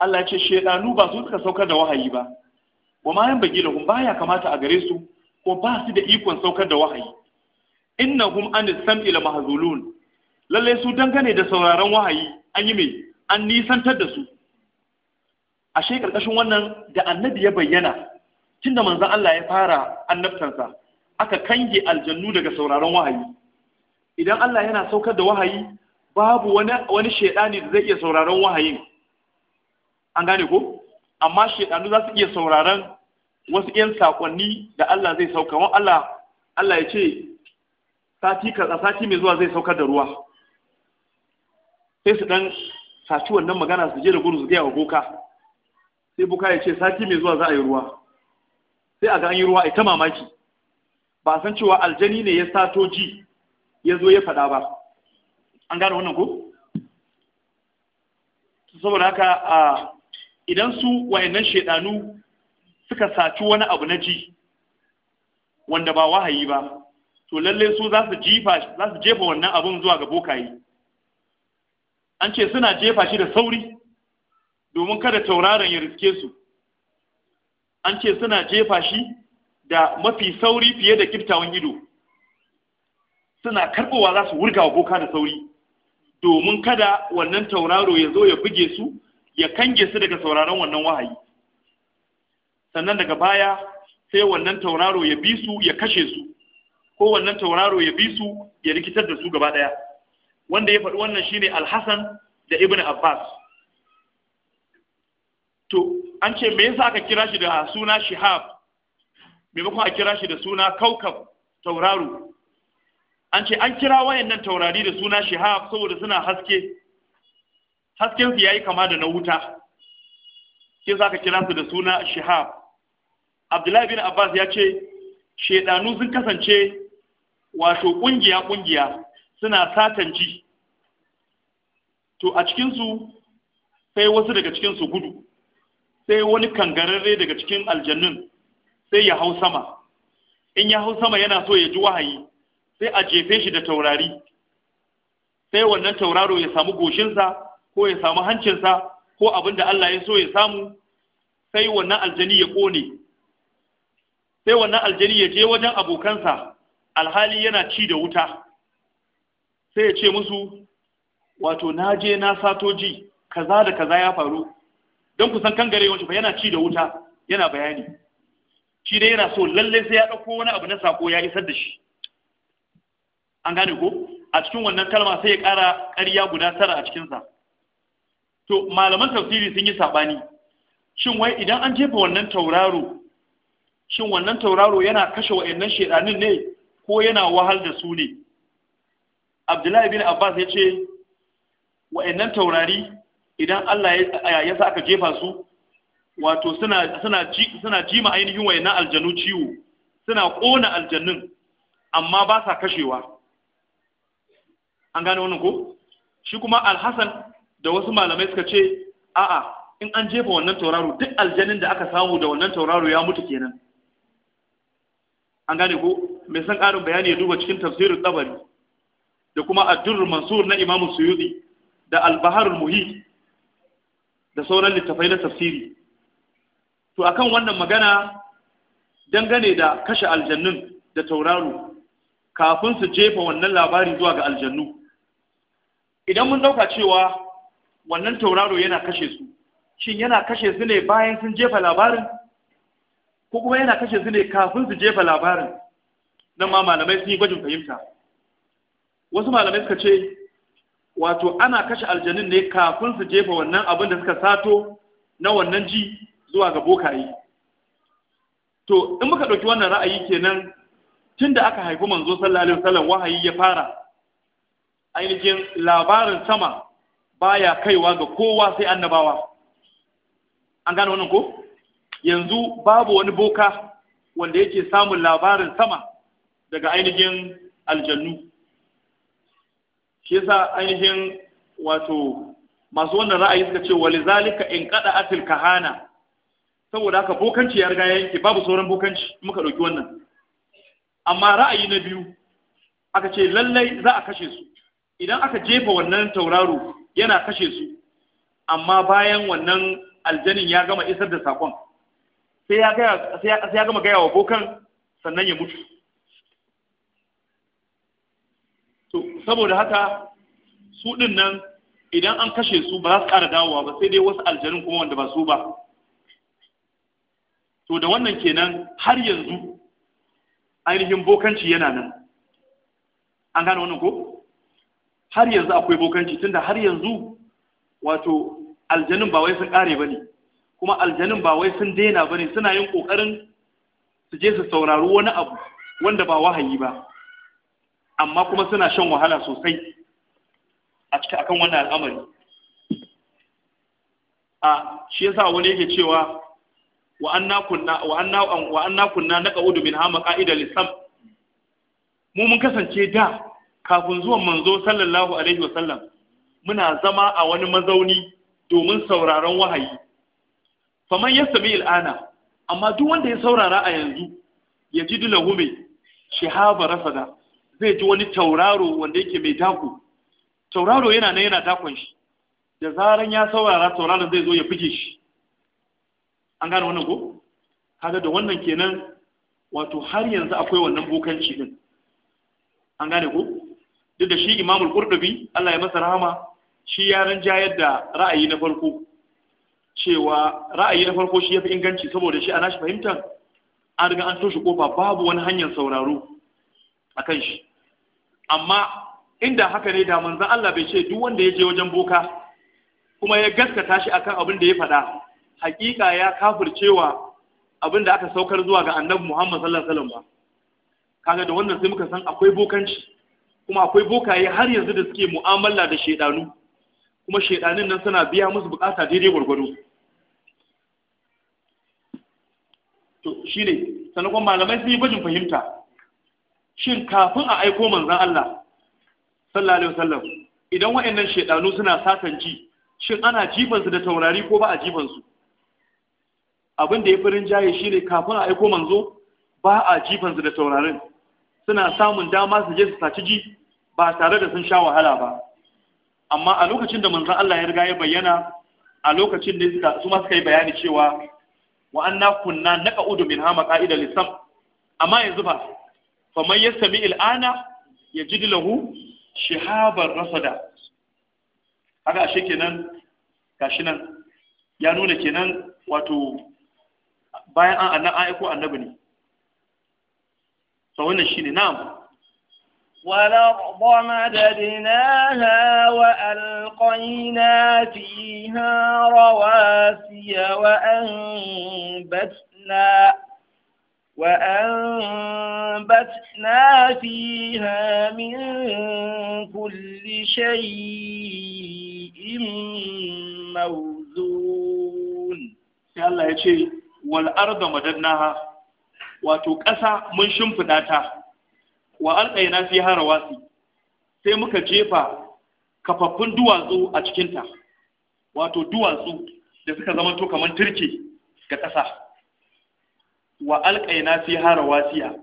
S1: Allah ya ce shedanu ba su suka saukar da wahayi ba wa ma yanbaghi lahum baya kamata a gare su ko ba su da ikon saukar da wahayi innahum an sam'i lama'zulun lalle su dangane da sauraron wahayi an yi mai an nisantar da su ashe karkashin wannan da annabi ya bayyana tunda manzon Allah ya fara annabtansa aka kange aljannu daga sauraron wahayi idan Allah yana saukar da wahayi babu wani wani shedani da zai iya sauraron wahayin an gane ko amma shedanu za su iya sauraron wasu yan sakonni da Allah zai sauka wa Allah Allah ya ce sati sati mai zuwa zai saukar da ruwa sai su dan saci wannan magana su je da gudu su gaya wa boka sai buka ya ce sati mai zuwa za a yi ruwa sai a ga an yi ruwa a mamaki ba san cewa aljani ne ya sato ji ya zo ya faɗa ba an gane wannan ku? saboda haka a idan su wayannan shaidanu suka saci wani abu na ji wanda ba wahayi ba to lalle su za su jefa wannan abun zuwa ga bokaye an ce suna jefa shi da sauri domin kada tauraron ya riske su an ce suna jefa shi da mafi sauri fiye da kiftawan ido suna karbowa za su wurga wa boka da sauri domin kada wannan tauraro ya zo ya buge su ya kange su daga sauraron wannan wahayi sannan daga baya sai wannan tauraro ya bi su ya kashe su ko wannan tauraro ya bi su ya rikitar da su gaba daya wanda ya faɗi wannan shine alhassan da ibn abbas to an ce me yasa aka kira shi da suna shihab maimakon a kira shi da suna kaukab tauraro an ce an kira wayannan taurari da suna shihab saboda suna haske hasken su yayi kama da na wuta ke za ka kira su da suna shihab abdullahi bin abbas ya ce shedanu sun kasance wato kungiya kungiya suna satan ji to a cikinsu sai wasu daga cikin su gudu sai wani kangararre daga cikin aljannun sai ya hau sama in ya hau sama yana so ya ji wahayi sai a jefe shi da taurari sai wannan tauraro ya samu goshinsa ko ya samu hancinsa ko abin da Allah ya so ya samu sai wannan aljani ya ƙone sai wannan aljani ya je wajen abokansa alhali yana ci da wuta sai ya ce musu wato na je na sato ji kaza da kaza ya faru don kusan kan gare wani yana ci da wuta yana bayani shi dai yana so lalle sai ya ɗauko wani abu na sako ya isar da shi an gane ko a cikin wannan kalma sai ya ƙara ƙarya guda tara a cikinsa to malaman tafsiri sun yi saɓani shin wai idan an jefa wannan tauraro shin wannan tauraro yana kashe wa'annan shaidanin ne ko yana wahal da su ne abdullahi bin abbas ya ce wa'annan taurari idan Allah ya sa aka jefa su wato suna suna ji ma ainihin aljanu ciwo suna kona aljannun amma ba sa kashewa an gane wannan ko shi kuma Alhassan da wasu malamai suka ce a'a in an jefa wannan tauraro duk aljanin da aka samu da wannan tauraro ya mutu kenan an gane ko mai san ƙarin bayani ya duba cikin tafsirin tsabari da kuma addur mansur na imamu suyuti da albaharul Muhid? da sauran littafai na tafsiri to akan wannan magana dangane da kashe aljannun da tauraro kafin su jefa wannan labari zuwa ga aljannu idan mun dauka cewa wannan tauraro yana kashe su shin yana kashe su ne bayan sun jefa labarin ko kuma yana kashe su ne kafin su jefa labarin nan ma malamai sun yi gwajin fahimta wasu malamai suka ce wato ana kashe aljanin ne kafin su jefa wannan abin da suka sato na wannan ji zuwa ga bokaye to in muka ɗauki wannan ra'ayi kenan tunda aka haifi manzo sallallahu alaihi wahayi ya fara ainihin labarin sama baya kaiwa ga kowa sai annabawa an gane wannan ko yanzu babu wani boka wanda yake samun labarin sama daga ainihin aljannu shi yasa ainihin wato masu wannan ra'ayi suka ce wali zalika in kada atil kahana saboda haka bokanci ya riga yanke babu sauran bokanci muka dauki wannan amma ra'ayi na biyu aka ce lallai za a kashe su idan aka jefa wannan tauraro yana kashe su amma bayan wannan aljanin ya gama isar da sakon sai ya gama gaya wa bokan sannan ya mutu saboda haka su ɗin nan idan an kashe su ba za su ƙara dawowa ba sai dai wasu aljanun kuma wanda ba su ba to da wannan kenan har yanzu ainihin bokanci yana nan an gane wannan ko har yanzu akwai bokanci tunda har yanzu wato aljanun ba wai sun ƙare ba ne kuma aljanun ba wai sun daina ba ne suna yin ƙoƙarin su je su saurari wani abu wanda ba wahayi ba amma kuma suna shan wahala sosai a cikin akan wannan al'amari a shi yasa wani yake cewa wa anna kunna wa anna wa anna kunna naqudu min hama qa'ida lisam mu mun kasance da kafin zuwan manzo sallallahu alaihi wa sallam muna zama a wani mazauni domin sauraron wahayi faman yastami al'ana amma duk wanda ya saurara a yanzu yajidu lahu mai shihaba rafada zai ji wani tauraro wanda yake mai taku tauraro yana nan yana takon shi da zaran ya saurara tauraron zai zo ya buge shi an gane wannan ko kaga da wannan kenan wato har yanzu akwai wannan bokanci din an gane ko duk da shi imamul qurdubi Allah ya masa rahama shi ya jayar da ra'ayi na farko cewa ra'ayi na farko shi yafi inganci saboda shi ana shi fahimtar an riga an toshe kofa babu wani hanyar sauraro a kan shi amma inda haka ne da manzon Allah bai ce duk wanda ya je wajen boka kuma ya gaskata shi akan abin da ya faɗa hakika ya kafircewa abin da aka saukar zuwa ga annabi Muhammad sallallahu alaihi wasallam kaga da wannan sai muka san akwai bokanci kuma akwai bokaye har yanzu da suke mu'amala da shedanu kuma shedanin nan suna biya musu bukata daidai gwargwado to shine sanakon malamai sun yi bajin fahimta shin kafin a aiko manzan Allah sallallahu alaihi wasallam idan waɗannan shedanu suna satan ji shin ana jifan su da taurari ko ba a jifan su abin da ya farin jaye shine kafin a aiko manzo ba a jifan su da taurarin suna samun dama su je su saci ji ba tare da sun sha wahala ba amma a lokacin da manzan Allah ya riga ya bayyana a lokacin ne suka su ma suka yi bayani cewa wa anna kunna naqa'udu min hama qa'ida lisam amma yanzu ba faman yastami al'ana yajid lahu shihaban rasada haka ashe kenan gashi nan ya nuna kenan wato bayan an annan aiko annabi ne sau wannan shine na'am
S2: والأرض مددناها وألقينا فيها رواسي وأنبتنا وأنبتنا فيها من كل
S1: شيء موزون الله يجي والأرض مددناها wato ƙasa mun shimfiɗa ta wa alƙaina fi harawasi sai muka jefa kafaffun duwatsu a cikinta wato duwatsu da suka zama to kamar turke ga ƙasa wa alƙaina fi hara wasiya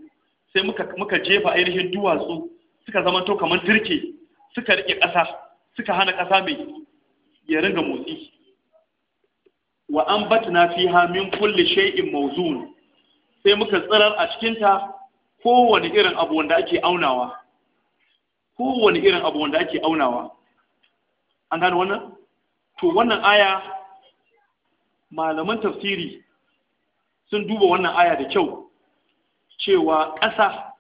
S1: sai muka muka jefa ainihin duwatsu suka to kamar turke suka rike ƙasa suka hana ƙasa mai ya ringa motsi wa an batna fiha min kulli shay'in mawzun sai muka tsirar a cikinta kowane irin abu wanda ake aunawa kowane irin abu wanda ake aunawa an gano wannan to wannan aya malaman tafsiri sun duba wannan aya da kyau cewa ƙasa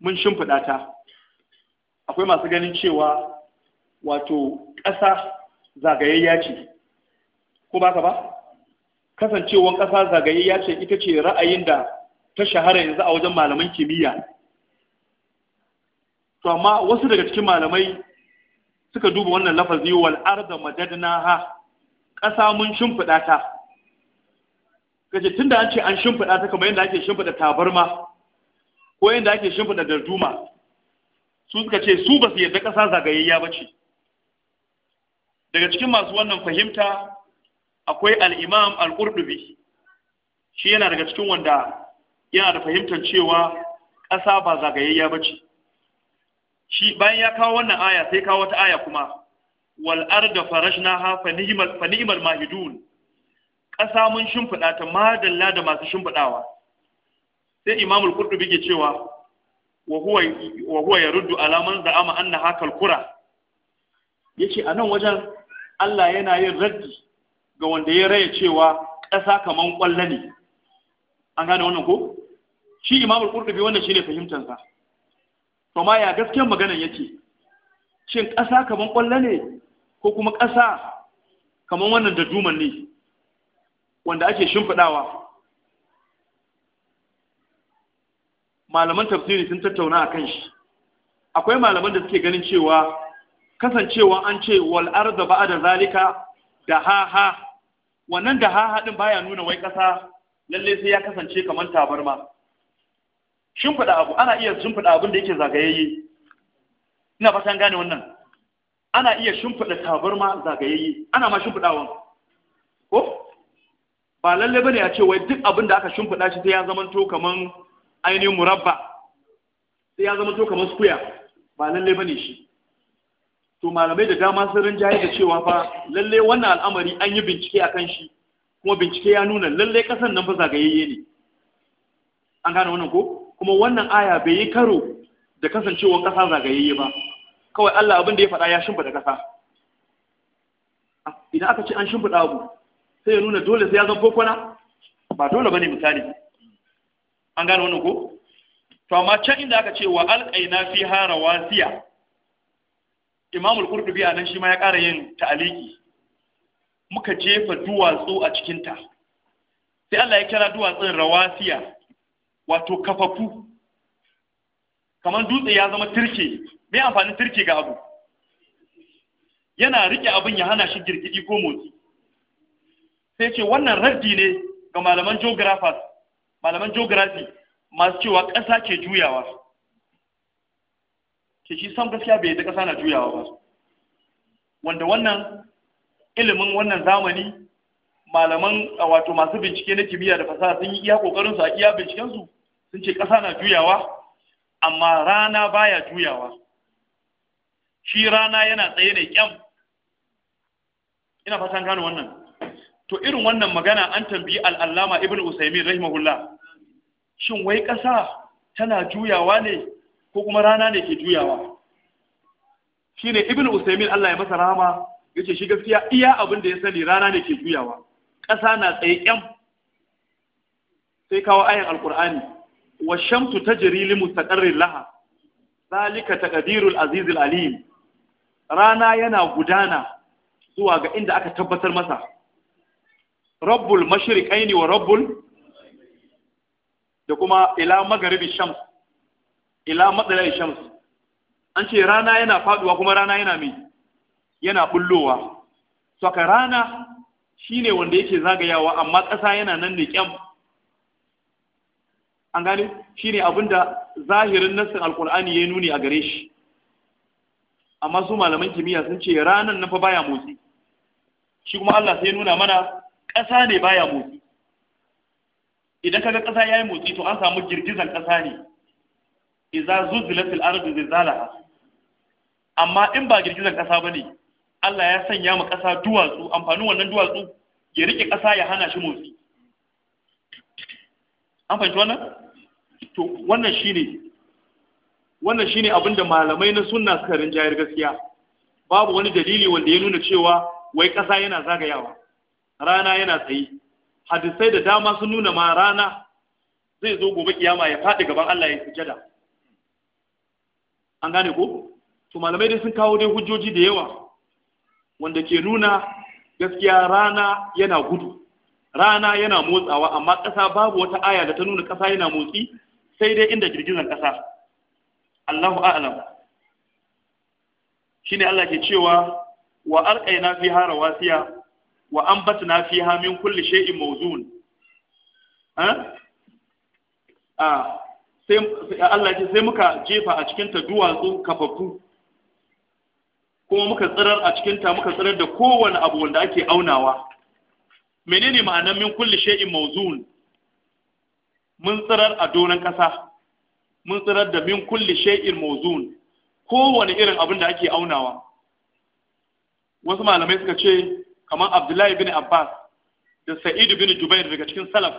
S1: mun shimfiɗa ta akwai masu ganin cewa wato ƙasa zagayayya ce ko ba ka ba kasancewar ƙasa zagayayya ce ita ce ra'ayin da ta shahara yanzu a wajen malaman kimiyya to amma wasu daga cikin malamai suka duba wannan lafazi wal arda madadnaha ƙasa mun shimfiɗa ta kace tunda an ce an shimfiɗa ta kamar yadda ake shimfiɗa tabarma ko yadda ake shimfida darduma su suka ce su ba su yadda ƙasa zagayayya ba ce daga cikin masu wannan fahimta akwai al'imam al'urdubi shi yana daga cikin wanda yana da fahimtar cewa ƙasa ba zagayayya ba ce shi bayan ya kawo wannan aya sai kawo wata aya kuma wal'ar da farashna ha fa ni'mal mahidun ƙasa mun shimfiɗa ta madalla da masu shimfiɗawa sai imamul qurtubi ke cewa wa huwa ya ruddu alaman za'ama anna hakal kura ce a nan wajen Allah yana yin raddi ga wanda ya raya cewa ƙasa kamar ƙwallo ne an gane wannan ko shi imamul qurtubi wannan shine fahimtar sa to ma ya gaskiyar maganar yake shin ƙasa kamar ƙwallo ne ko kuma ƙasa kamar wannan da duman ne wanda ake shimfiɗawa malaman tafsiri sun tattauna a kan shi akwai malaman da suke ganin cewa kasancewa an ce wal arda ba'a da zalika da ha ha wannan da ha ha din baya nuna wai ƙasa lalle sai ya kasance kamar tabarma shimfiɗa abu ana iya shimfiɗa abin da yake zagayayye ina fatan gane wannan ana iya shimfiɗa tabarma zagayayye ana ma shimfiɗawan ko ba lalle bane a ce wai duk abin da aka shimfiɗa shi sai ya to kaman ainihin murabba sai ya to kaman square ba lalle bane shi to malamai da dama sun rinjaye da cewa fa lalle wannan al'amari an yi bincike akan shi kuma bincike ya nuna lalle kasan nan fa zagayayye ne an gane wannan ko kuma wannan aya bai yi karo da kasancewar kasa zagayayye ba kawai Allah abin da ya faɗa ya shimfiɗa kasa idan aka ce an shimfiɗa abu sai ya nuna dole sai ya zan kwana ba dole ba ne, misali an gane wannan ko to amma can inda aka ce wa alƙaina fi harawasiya imamul al-qurtubi nan shi ma ya ƙara yin ta'aliki muka jefa duwatsu a cikinta. sai Allah ya kira duwatsun rawasiya wato kafafu kamar dutse ya zama turke me amfanin turke ga abu yana riƙe abin ya hana shi girgidi ko motsi sai ce wannan raddi ne ga malaman geographers malaman geography masu cewa ƙasa ke juyawa ke shi san gaskiya bai da ƙasa na juyawa ba wanda wannan ilimin wannan zamani malaman wato masu bincike na kimiyya da fasaha sun yi iya ƙoƙarin su a iya binciken su sun ce ƙasa na juyawa amma rana baya juyawa shi rana yana tsaye ne kyam ina fatan gano wannan to irin wannan magana an tambayi al'allama ibn usaimin rahimahullah shin wai ƙasa tana juyawa ne ko kuma rana ne ke juyawa shine ibn usaimin Allah ya masa rahama yace shi gaskiya iya abin da ya sani rana ne ke juyawa ƙasa na tsaye kyam sai kawo ayan alkur'ani wa ta tajri li mustaqarrin laha zalika taqdirul azizul alim rana yana gudana zuwa ga inda aka tabbatar masa rabbul mashriqaini wa rabbul da kuma ila magharibi shams ila matsala shams an ce rana yana faduwa kuma rana yana mai yana bullowa saka rana shine wanda yake zagayawa amma ƙasa yana nan ne kyam an gane shine abinda zahirin nassin alkur'ani ya nuni a gare shi amma su malaman kimiyya sun ce ranan nan fa baya motsi shi kuma Allah sai nuna mana ƙasa ne baya motsi idan kaga ƙasa yayi motsi to an samu girgizan ƙasa ne idza zuzlatil ardu zilzalaha amma in ba girgizan ƙasa bane Allah ya sanya mu ƙasa duwatsu amfanin wannan duwatsu ya rike ƙasa ya hana shi motsi an fahimci wannan to wannan shine wannan shine abinda malamai na sunna suka rinjayar gaskiya babu wani dalili wanda ya nuna cewa wai ƙasa yana zagayawa rana yana tsaye hadisai da dama sun nuna ma rana zai zo gobe kiyama ya faɗi gaban Allah ya sujada an gane ko to malamai dai sun kawo dai hujjoji da yawa wanda ke nuna gaskiya rana yana gudu rana yana motsawa amma ƙasa babu wata aya da ta nuna ƙasa yana motsi sai dai inda girgizan ƙasa Allahu a'lam shine Allah ke cewa wa alqaina fiha rawasiya wa ambatna fiha min kulli shay'in mawzun ha sai Allah ce sai muka jefa a cikin ta duwatsu kafafu kuma muka tsirar a cikin ta muka tsirar da kowane abu wanda ake aunawa menene ma'anar min kulli shay'in mawzun mun tsirar a donan kasa mun tsirar da min kulli shay'in mawzun kowane irin abin da ake aunawa wasu malamai suka ce kamar abdullahi bin abbas da Sa'idu bin jubair daga cikin salaf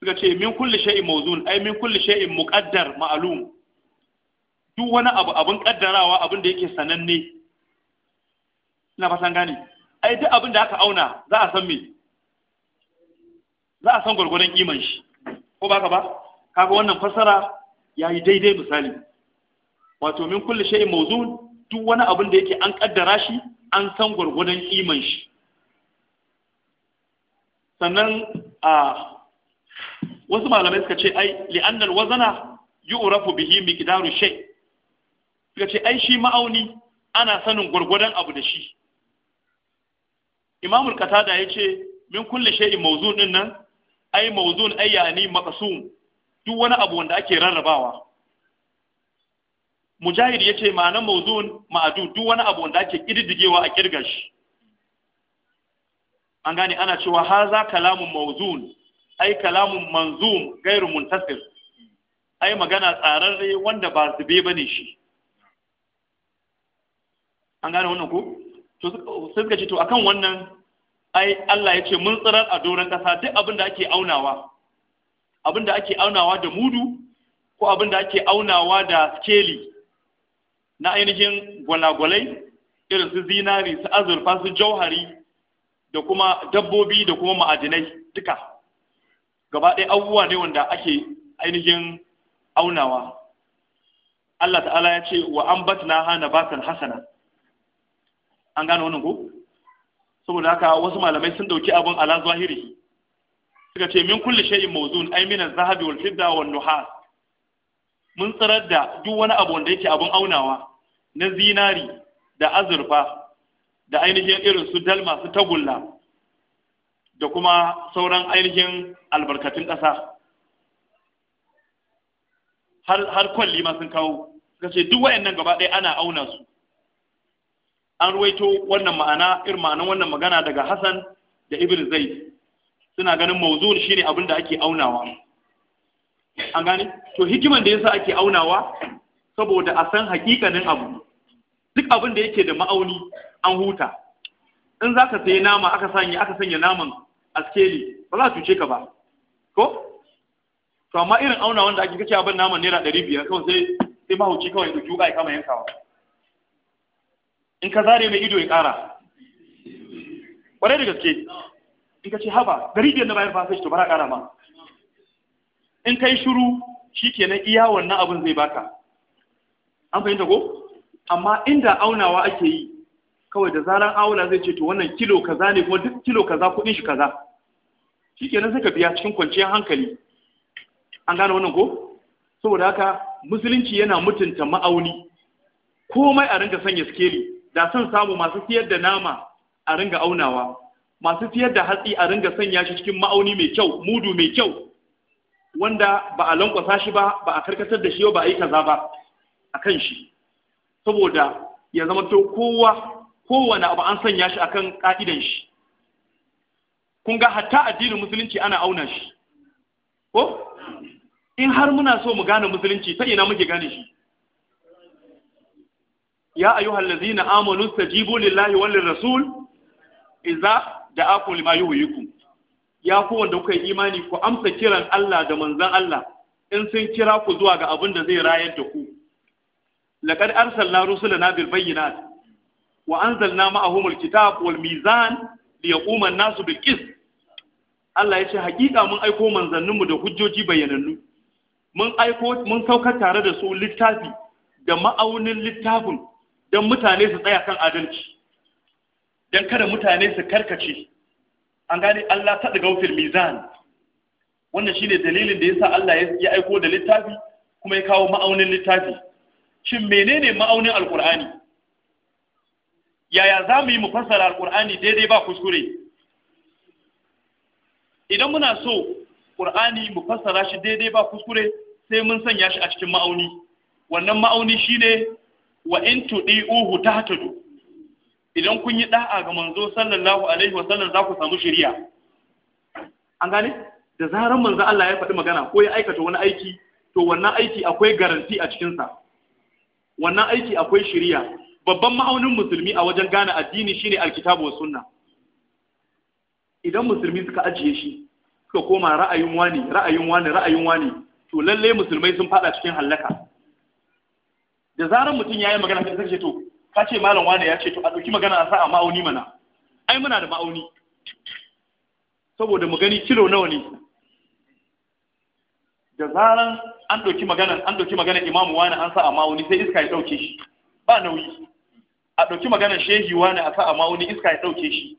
S1: suka ce min kulli shay'in mawzun ai min kulli shay'in muqaddar ma'lum duk wani abu abin kaddarawa abin da yake sananne ina fatan gane ai duk abin da aka auna za a san me za a san gwargwadon iman shi ko baka ba kaga wannan fasara yayi daidai misali wato min kulli shay'in mawzun duk wani abin da yake an kaddara shi an san gwargwadon iman shi sannan a wasu malamai suka ce ai li'annal wazana yu'rafu bihi miqdaru shay suka ce ai shi ma'auni ana sanin gwargwadon abu da shi imamul qatada yace min kulli shay'in mawzu'un din nan ai mawzu'un ai yani maqsum duk wani abu wanda ake rarrabawa mujahid yace ma'anar mawzu'un ma'adu duk wani abu wanda ake kididdigewa a kirga shi an gane ana cewa haza kalamun mauzun. ai kalamun manzum gairu muntasir ai magana tsararre wanda ba zube ne shi an gane wannan ku. to sai suka ce to akan wannan ai Allah ya ce mun tsirar a doron kasa duk abin da ake aunawa abin da ake aunawa da mudu ko abin da ake aunawa da skeli na ainihin gwalagwalai irin su zinari su azurfa su jauhari da kuma dabbobi da kuma ma'adinai duka gaba ɗaya abubuwa ne wanda ake ainihin aunawa Allah ta'ala ya ce wa an bat na hana batan hasana an gano wannan ko saboda haka wasu malamai sun dauki abin ala zahiri suka ce min kulle shay'in mawzun ay min az-zahabi wal fidda wan nuhas mun tsarar da duk wani abu wanda yake abin aunawa na zinari da azurfa da ainihin irin su dalma su tagulla da kuma sauran ainihin albarkatun ƙasa har kwalli ma sun kawo suka ce duk wayannan gaba ɗaya ana auna su an ruwaito wannan ma'ana irin ma'anan wannan magana daga Hassan da Ibn Zaid suna ganin mawzun shine abin da ake aunawa an gane to hikiman da yasa ake aunawa saboda a san hakikanin abu duk abin da yake da ma'auni an huta in za ka sayi nama aka sanya aka sanya naman a skeli ba za a cuce ka ba ko to amma irin auna wanda ake kace abin naman naira ɗari biyar kawai sai sai mahauci kawai da duka ya kama yankawa in ka zare mai ido ya ƙara ƙwarai da gaske in ka ce haba ɗari biyar na bayan fasa shi to bara ƙara ma in kai shiru shikenan iya wannan abin zai baka an fahimta ko amma inda aunawa ake yi kawai da zaran aula zai ce to wannan kilo kaza ne kuma duk kilo kaza kuɗin shi kaza shikenan sai ka biya cikin kwanciyar hankali an gane wannan ko saboda haka musulunci yana mutunta ma'auni komai a ringa sanya skeli da san samu masu siyar da nama a ringa aunawa masu siyar da hatsi a ringa sanya shi cikin ma'auni mai kyau mudu mai kyau wanda ba a lankwasa shi ba ba a karkatar da shi ba a yi kaza ba a kan shi saboda ya zama to kowa kowane abu an sanya shi akan ka'idan shi kun ga hatta addinin musulunci ana auna shi ko in har muna so mu gane musulunci ta ina muke gane shi ya ayyuhal ladzina amanu stajibu lillahi wal rasul idza da'akum lima yuhyikum ya ku wanda kuka yi imani ku amsa kiran Allah da manzon Allah in sun kira ku zuwa ga abin da zai rayar da ku laqad arsalna rusulana bil bayyinat wa anzalna ma'ahum al kitab wal mizan li yaquma an-nasu bil qist Allah ya ce hakika mun aiko manzanninmu da hujjoji bayyanannu mun aiko tare da su littafi da ma'aunin littafin don mutane su tsaya kan adalci don kada mutane su karkace an gane Allah ta daga fil mizan wannan shine dalilin da yasa Allah ya aiko da littafi kuma ya kawo ma'aunin littafi shin menene ma'aunin alkur'ani yaya za mu yi mu fassara alkur'ani daidai ba kuskure idan muna so ƙur'ani mu fassara shi daidai ba kuskure sai mun sanya shi a cikin ma'auni wannan ma'auni shine wa in ta tahtadu idan kun yi da'a ga manzo sallallahu alaihi wa sallam za ku samu shari'a an gane da zaran manzo Allah ya faɗi magana ko ya aikata wani aiki to wannan aiki akwai garanti a cikinsa. sa wannan aiki akwai shiriya babban ma'aunin musulmi a wajen gane addini shine alkitabu wa sunna idan musulmi suka ajiye shi suka koma ra'ayin wani ra'ayin wani ra'ayin wani to lalle musulmai sun fada cikin halaka da zarar mutum yayi magana sai sai to ka ce malam wani ya ce to a dauki magana a sa a ma'auni mana ai muna da ma'auni saboda mu gani kilo nawa ne da zaran an ɗauki magana an ɗauki magana imamu wani an sa a ma'auni sai iska ya ɗauke shi ba nauyi a ɗauki magana shehi wani a sa a ma'auni iska ya ɗauke shi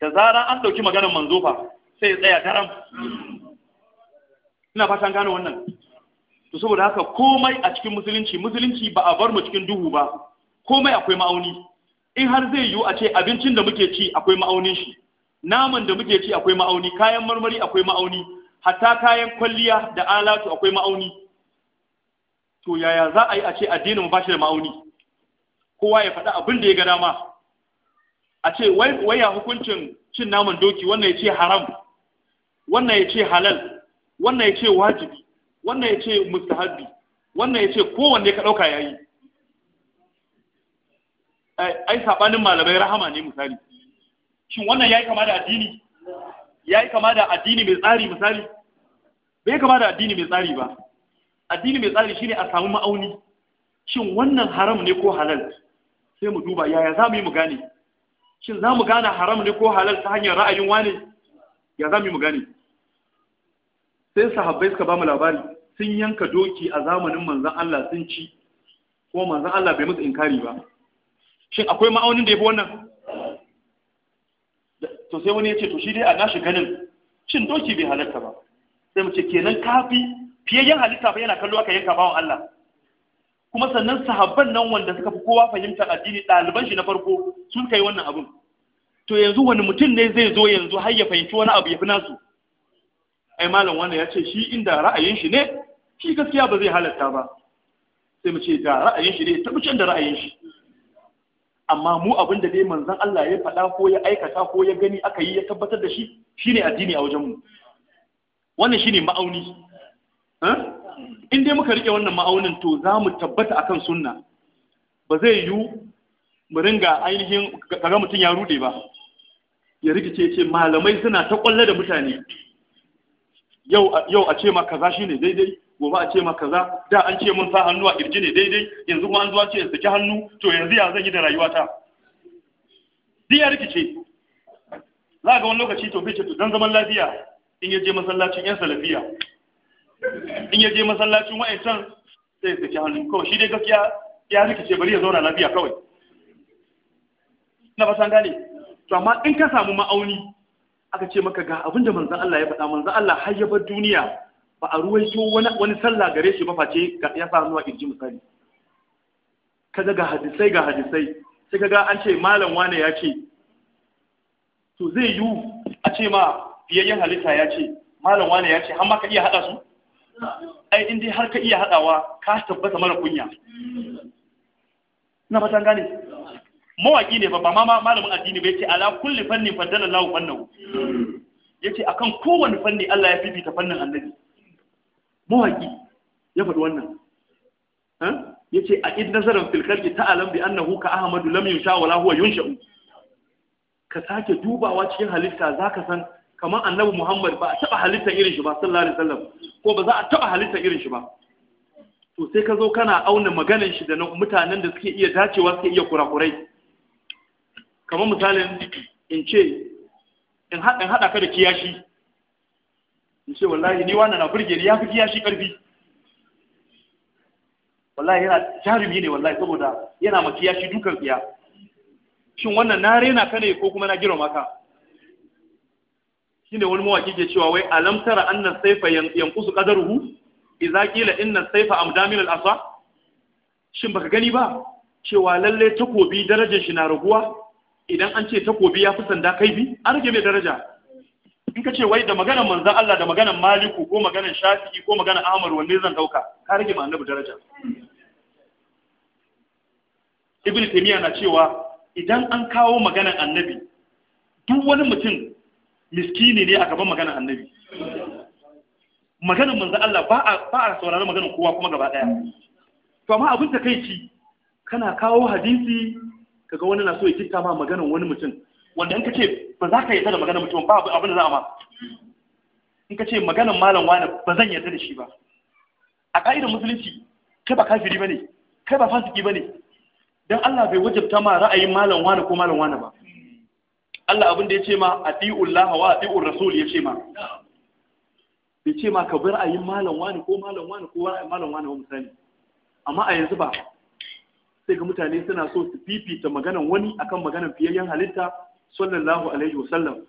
S1: da zaran an ɗauki manzo manzofa sai ya tsaya daram ina fatan gane wannan to saboda haka komai a cikin musulunci musulunci ba a bar mu cikin duhu ba komai akwai ma'auni in har zai yiwu a ce abincin da muke ci akwai ma'aunin shi naman da muke ci akwai ma'auni kayan marmari akwai ma'auni hatta kayan kwalliya da alatu akwai ma'auni to yaya za a yi a ce addinin ba shi da ma'auni kowa ya faɗa abin da ya ga dama a ce wai ya hukuncin cin naman doki wannan ya ce haram wannan ya ce halal wannan ya ce wajibi wannan ya ce mustahabi wannan ya ce kowanne ka ɗauka yayi ai saɓanin malamai rahama ne misali shin wannan ya yi kama da addini ya yi kama da addini mai tsari misali bai kama da addini mai tsari ba addini mai tsari shine a samu ma'auni shin wannan haram ne ko halal sai mu duba yaya za mu yi mu gane shin za mu gane haram ne ko halal ta hanyar ra'ayin wane ya za mu yi mu gane sai sahabbai suka ba mu labari sun yanka doki a zamanin manzan Allah sun ci ko manzan Allah bai musu inkari ba shin akwai ma'aunin da ya fi wannan to sai wani ya ce to shi dai a nashi ganin cin doki bai halarta ba sai mu ce kenan kafi fiye yan halitta ba yana kallo aka yanka bawan Allah kuma sannan sahabban nan wanda suka fi kowa fahimtar addini ɗaliban shi na farko sun kai wannan abin to yanzu wani mutum ne zai zo yanzu har ya fahimci wani abu ya fi nasu ai malam wannan ya ce shi inda ra'ayin shi ne shi gaskiya ba zai halarta ba sai mu ce da ra'ayin shi ne ya da ra'ayin shi amma mu abin da dai manzon Allah ya faɗa ko ya aikata ko ya gani aka yi ya tabbatar da shi shine addini a wajen mu wannan shine ma'auni in dai muka rike wannan ma'aunin to za mu tabbata akan sunna ba zai yiwu mu ringa ainihin kaga mutum ya rude ba ya rikice ce malamai suna ta kwallo da mutane yau a ce ma kaza shine daidai gobe a ce maka za da an ce mun sa hannu a kirji ne daidai yanzu kuma an zuwa ce in saki hannu to yanzu ya zan yi da rayuwata ta ya rikice za ga wani lokaci to bai to dan zaman lafiya in ya je masallacin yan salafiya in ya je masallacin wa'ancan sai ya saki hannu kawai shi dai gaskiya ya rikice bari ya zauna lafiya kawai na fatan gane to amma in ka samu ma'auni aka ce maka ga abinda da manzon Allah ya faɗa manzon Allah har ya bar duniya ba a ruwaito wani wani sallah gare shi ba face ya sa hannu a kirji misali kaga ga hadisai ga hadisai sai kaga an ce malam wane ya ce to zai yi a ce ma fiyayyen halitta ya ce malam wane ya ce har ma ka iya haɗa su ai in dai har ka iya haɗawa ka tabbata mara kunya na fatan gane mawaki ne ba ma malamin addini ba yace ala kulli fannin faddala lahu fannahu yace akan kowanne fanni Allah ya fifita fannin annabi mawaƙi ya faɗi wannan ya ce a ƙin nazarin filkarki ta alam bi annahu ka ahmadu lam yunsha wala huwa yunsha'u ka sake dubawa cikin halitta zaka san kamar annabi muhammad ba a taɓa halittar irin shi ba sallallahu alaihi wasallam ko ba za a taɓa halittar irin shi ba to sai ka zo kana auna maganar shi da na mutanen da suke iya dacewa suke iya kurakurai kamar misalin in ce in haɗa ka da kiyashi ya ce wallahi ni wannan na burge ni ya fi kiya shi karfi wallahi yana jarumi ne wallahi saboda yana ma kiya shi dukan tsiya shin wannan na rena ka ne ko kuma na girma ka shine wani mawaki ke cewa wai alam tara annas saifa yanqusu qadaruhu idza qila inna saifa a al-asa shin baka gani ba cewa lalle takobi darajar shi na raguwa idan an ce takobi ya fi sanda kai bi an rage mai daraja in ka ce wai da maganar manzan Allah da maganar maliku ko maganar shafi ko maganar amur wanne zan dauka ka rage ma annabi daraja ibn taymiya na cewa idan an kawo maganar annabi duk wani mutum miskini ne a gaban maganar annabi maganar manzan Allah ba a ba a maganar kowa kuma gaba daya to amma abin ta kai kana kawo hadisi kaga wani na so ya kitta ma maganan wani mutum wanda in ka ce ba za ka yarda da maganar mutum ba abin da za a ma in ka ce maganar malam wani ba zan yarda da shi ba a ƙa'idar musulunci kai ba kafiri ba ne kai ba fasiki ba ne don Allah bai wajabta ma ra'ayin malam wani ko malam wani ba Allah abin da ya ce ma a lahawa wa ɗi'ul rasul ya ce ma bai ce ma ka bar ra'ayin malam wani ko malam wani ko malam wani ba misali amma a yanzu ba sai ga mutane suna so su fifita maganan wani akan maganan fiyayyen halitta sallallahu alaihi wasallam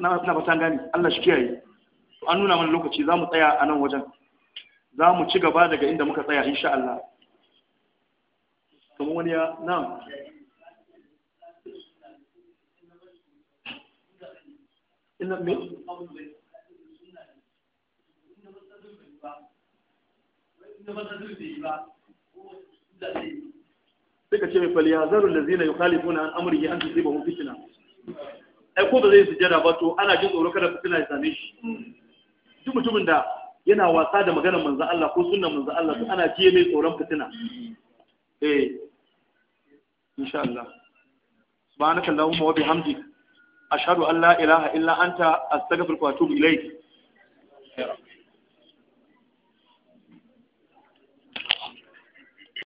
S1: na ba ta gani Allah shi kiyaye to an nuna mana lokaci za mu tsaya a nan wajen za mu ci gaba daga inda muka tsaya insha Allah kamar wani ya na ina me ina
S2: ba ta zuwa ba ba
S1: sai ka ce mai faliya zarul lazina yukhalifuna an amrihi an tusibahum fitna ai ko da zai sujada ba to ana jin tsoro kada fitina ya same shi duk mutumin da yana wasa da maganar manzo Allah ko sunnar manzo Allah to ana jiye mai tsoron fitina eh insha Allah subhanaka allahumma wa bihamdika ashhadu an la ilaha illa anta astaghfiruka wa atubu ilayk